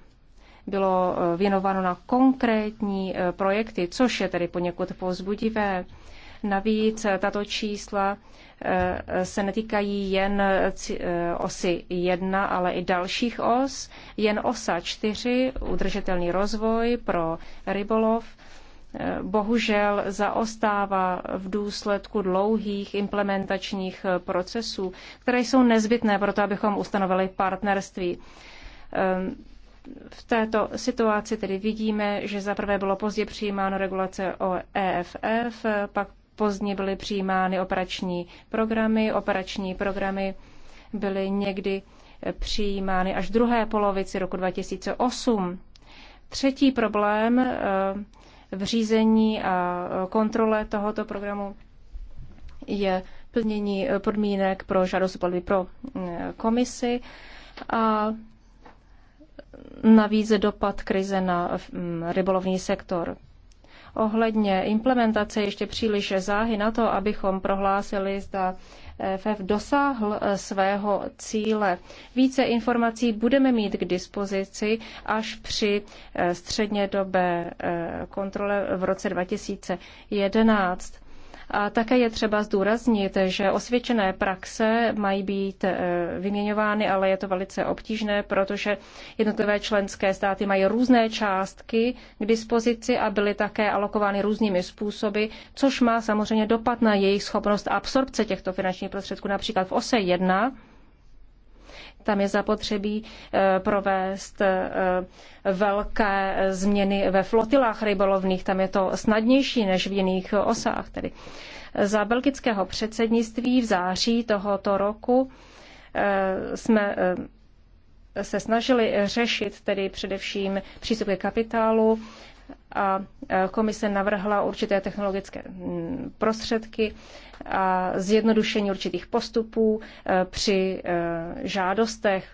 bylo eh, věnováno na konkrétní eh, projekty, což je tedy poněkud povzbudivé. Navíc eh, tato čísla se netýkají jen osy 1, ale i dalších os. Jen osa 4, udržitelný rozvoj pro rybolov, bohužel zaostává v důsledku dlouhých implementačních procesů, které jsou nezbytné pro to, abychom ustanovili partnerství. Ehm, v této situaci tedy vidíme, že zaprvé bylo pozdě přijímáno regulace o EFF, pak pozdě byly přijímány operační programy. Operační programy byly někdy eh, přijímány až v druhé polovici roku 2008. Třetí problém eh, v řízení a eh, kontrole tohoto programu je plnění podmínek pro žádost pro mm, komisi a navíc dopad krize na mm, rybolovní sektor. Ohledně implementace ještě příliš záhy na to, abychom prohlásili, zda FF dosáhl e, svého cíle. Více informací budeme mít k dispozici až při e, střednědobé e, kontrole v roce 2011. A také je třeba zdůraznit, že osvědčené praxe mají být e, vyměňovány, ale je to velice obtížné, protože jednotlivé členské státy mají různé částky k dispozici a byly také alokovány různými způsoby, což má samozřejmě dopad na jejich schopnost absorpce těchto finančních prostředků. Například v OSE 1 tam je zapotřebí eh, provést eh, velké změny ve flotilách rybolovných. Tam je to snadnější než v jiných osách. Tedy. Za belgického předsednictví v září tohoto roku eh, jsme se snažili řešit tedy především přístup ke kapitálu a komise navrhla určité technologické mm, prostředky, a zjednodušení určitých postupů e, při e, žádostech.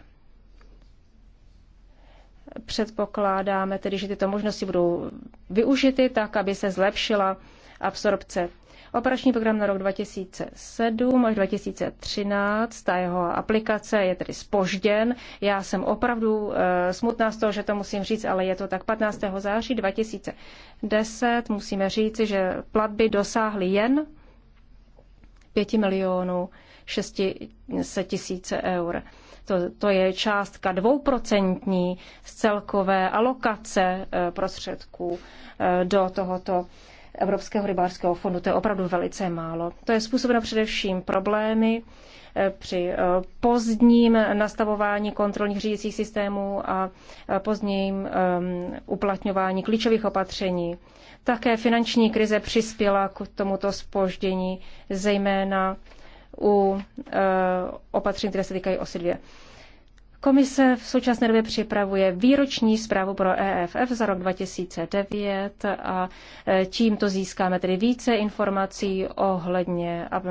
Předpokládáme tedy, že tyto možnosti budou využity tak, aby se zlepšila absorpce. Operační program na rok 2007 až 2013, ta jeho aplikace je tedy spožděn. Já jsem opravdu e, smutná z toho, že to musím říct, ale je to tak 15. září 2010. Musíme říci, že platby dosáhly jen 5 milionů 600 tisíc eur. To, to je částka dvouprocentní z celkové alokace eh, prostředků eh, do tohoto Evropského rybářského fondu. To je opravdu velice málo. To je způsobeno především problémy eh, při pozdním nastavování kontrolních řídicích systémů a pozdním ehm, uplatňování klíčových opatření také finanční krize přispěla k tomuto spoždění, zejména u eh, opatření, které se týkají OSI 2. Komise v současné době připravuje výroční zprávu pro EFF za rok 2009 a e, tímto získáme tedy více informací ohledně um,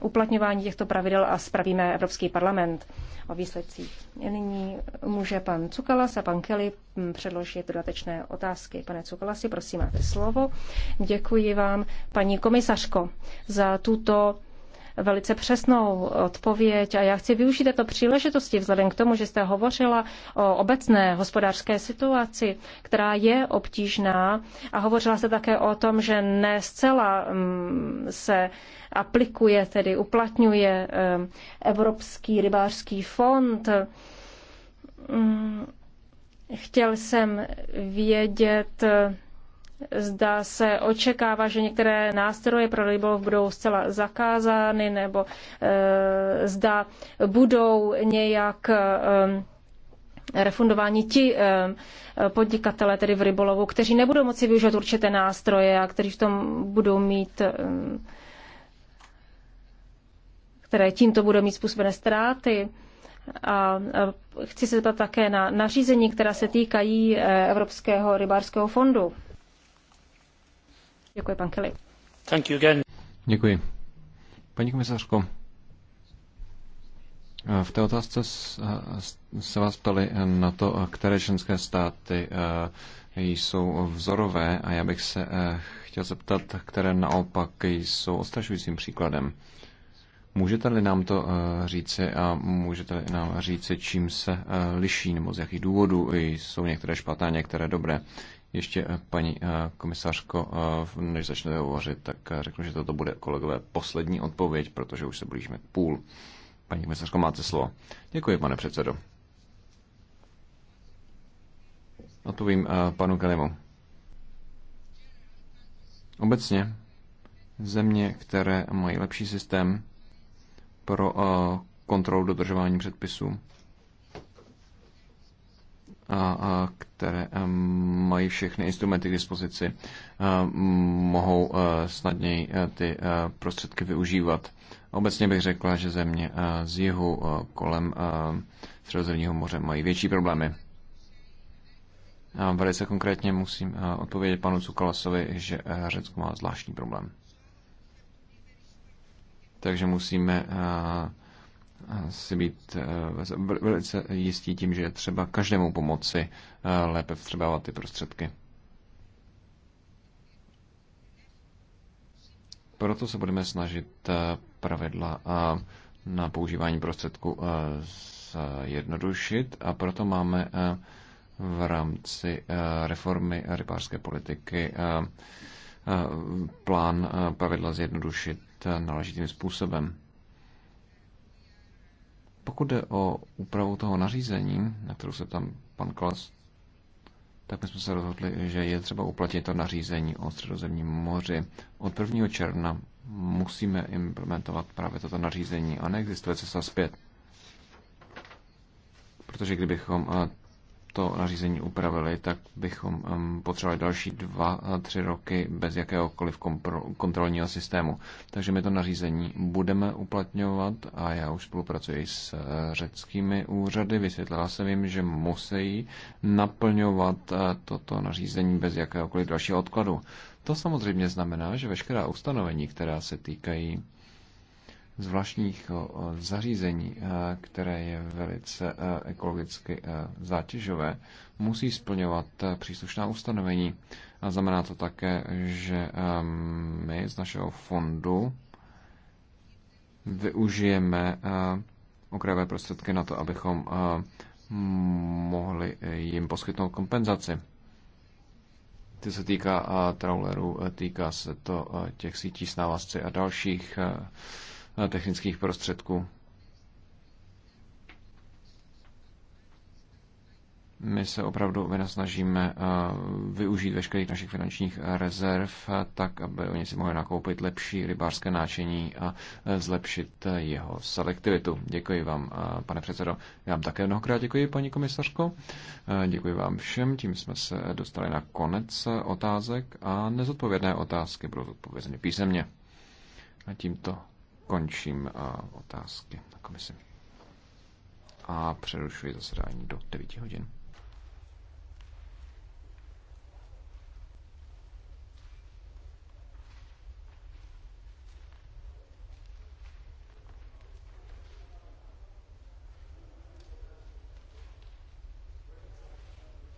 uplatňování těchto pravidel a spravíme Evropský parlament o výsledcích. Nyní může pan Cukalas a pan Kelly hm, předložit dodatečné otázky. Pane Cukalasi, prosím, máte slovo. Děkuji vám, paní komisařko, za tuto velice přesnou odpověď a já chci využít této příležitosti vzhledem k tomu, že jste hovořila o obecné hospodářské situaci, která je obtížná a hovořila jste také o tom, že ne zcela mm, se aplikuje, tedy uplatňuje mm, Evropský rybářský fond. Mm, chtěl jsem vědět, Zda se očekává, že některé nástroje pro rybolov budou zcela zakázány, nebo e, zda budou nějak e, refundováni ti e, eh, podnikatele, tedy v rybolovu, kteří nebudou moci využít určité nástroje a kteří v tom budou mít, e, které tímto budou mít způsobené ztráty. A chci se zeptat také na nařízení, která se týkají Evropského rybářského fondu. Děkuji, pan Kelly. Thank you again. Děkuji. Paní komisařko, v té otázce se vás ptali na to, které členské státy eh, jsou vzorové a já bych se eh, chtěl zeptat, které naopak jsou ostrašujícím příkladem. Můžete-li nám to eh, říci a můžete-li nám říci, čím se liší nebo z jakých důvodů jsou některé špatné, některé dobré? Ještě eh, paní eh, komisařko, eh, než začnete hovořit, tak řeknu, že toto bude kolegové poslední odpověď, protože už se blížíme k půl. Paní komisařko, máte slovo. Děkuji, pane předsedo. Odpovím panu Kalimu. Obecně země, které mají lepší systém pro kontrolu dodržování předpisů, a, a které mají všechny instrumenty k dispozici, mohou snadněji ty prostředky využívat. Obecně bych řekla, že země z jihu kolem Středozemního moře mají větší problémy. A velice konkrétně musím odpovědět panu Cukalasovi, že Řecko má zvláštní problém. Takže musíme si být eh, velice jistí tím, že je třeba každému pomoci eh, lépe vstřebávat ty prostředky. Proto se budeme snažit eh, pravidla na používání prostředku zjednodušit a proto máme v rámci reformy rybářské politiky plán pravidla zjednodušit náležitým způsobem. Pokud jde o úpravu toho nařízení, na kterou se tam pan Klas, tak my jsme se rozhodli, že je třeba uplatit to nařízení o středozemním moři. Od 1. června musíme implementovat právě toto nařízení a neexistuje cesta zpět. Protože kdybychom eh, to nařízení upravili, tak bychom um, potřebovali další dva, tři roky bez jakéhokoliv kontrolního systému. Takže my to nařízení budeme uplatňovat a já už spolupracuji s e, řeckými úřady. Vysvětlila jsem jim, že musí naplňovat e, toto nařízení bez jakéhokoliv dalšího odkladu. To samozřejmě znamená, že veškerá ustanovení, která se týkají zvláštních eh, zařízení, eh, které je velice eh, ekologicky zátěžové, musí splňovat příslušná ustanovení. A znamená to také, že ehm, my z našeho fondu využijeme okrajové prostředky na to, abychom mohli jim poskytnout kompenzaci. To se týká traulerů, týká se to těch sítí s návazci a dalších technických prostředků. My se opravdu vynasnažíme eh, využít veškerých našich finančních rezerv eh, tak, aby oni si mohli nakoupit lepší rybářské náčení a eh, zlepšit jeho selektivitu. Děkuji vám, pane předsedo. Já vám také mnohokrát děkuji, paní komisařko. Děkuji vám všem. Tím jsme se dostali na konec otázek a nezodpovědné otázky budou zodpovězeny písemně. A tímto končím uh, otázky na komisi. A přerušuji zasedání do 9 hodin.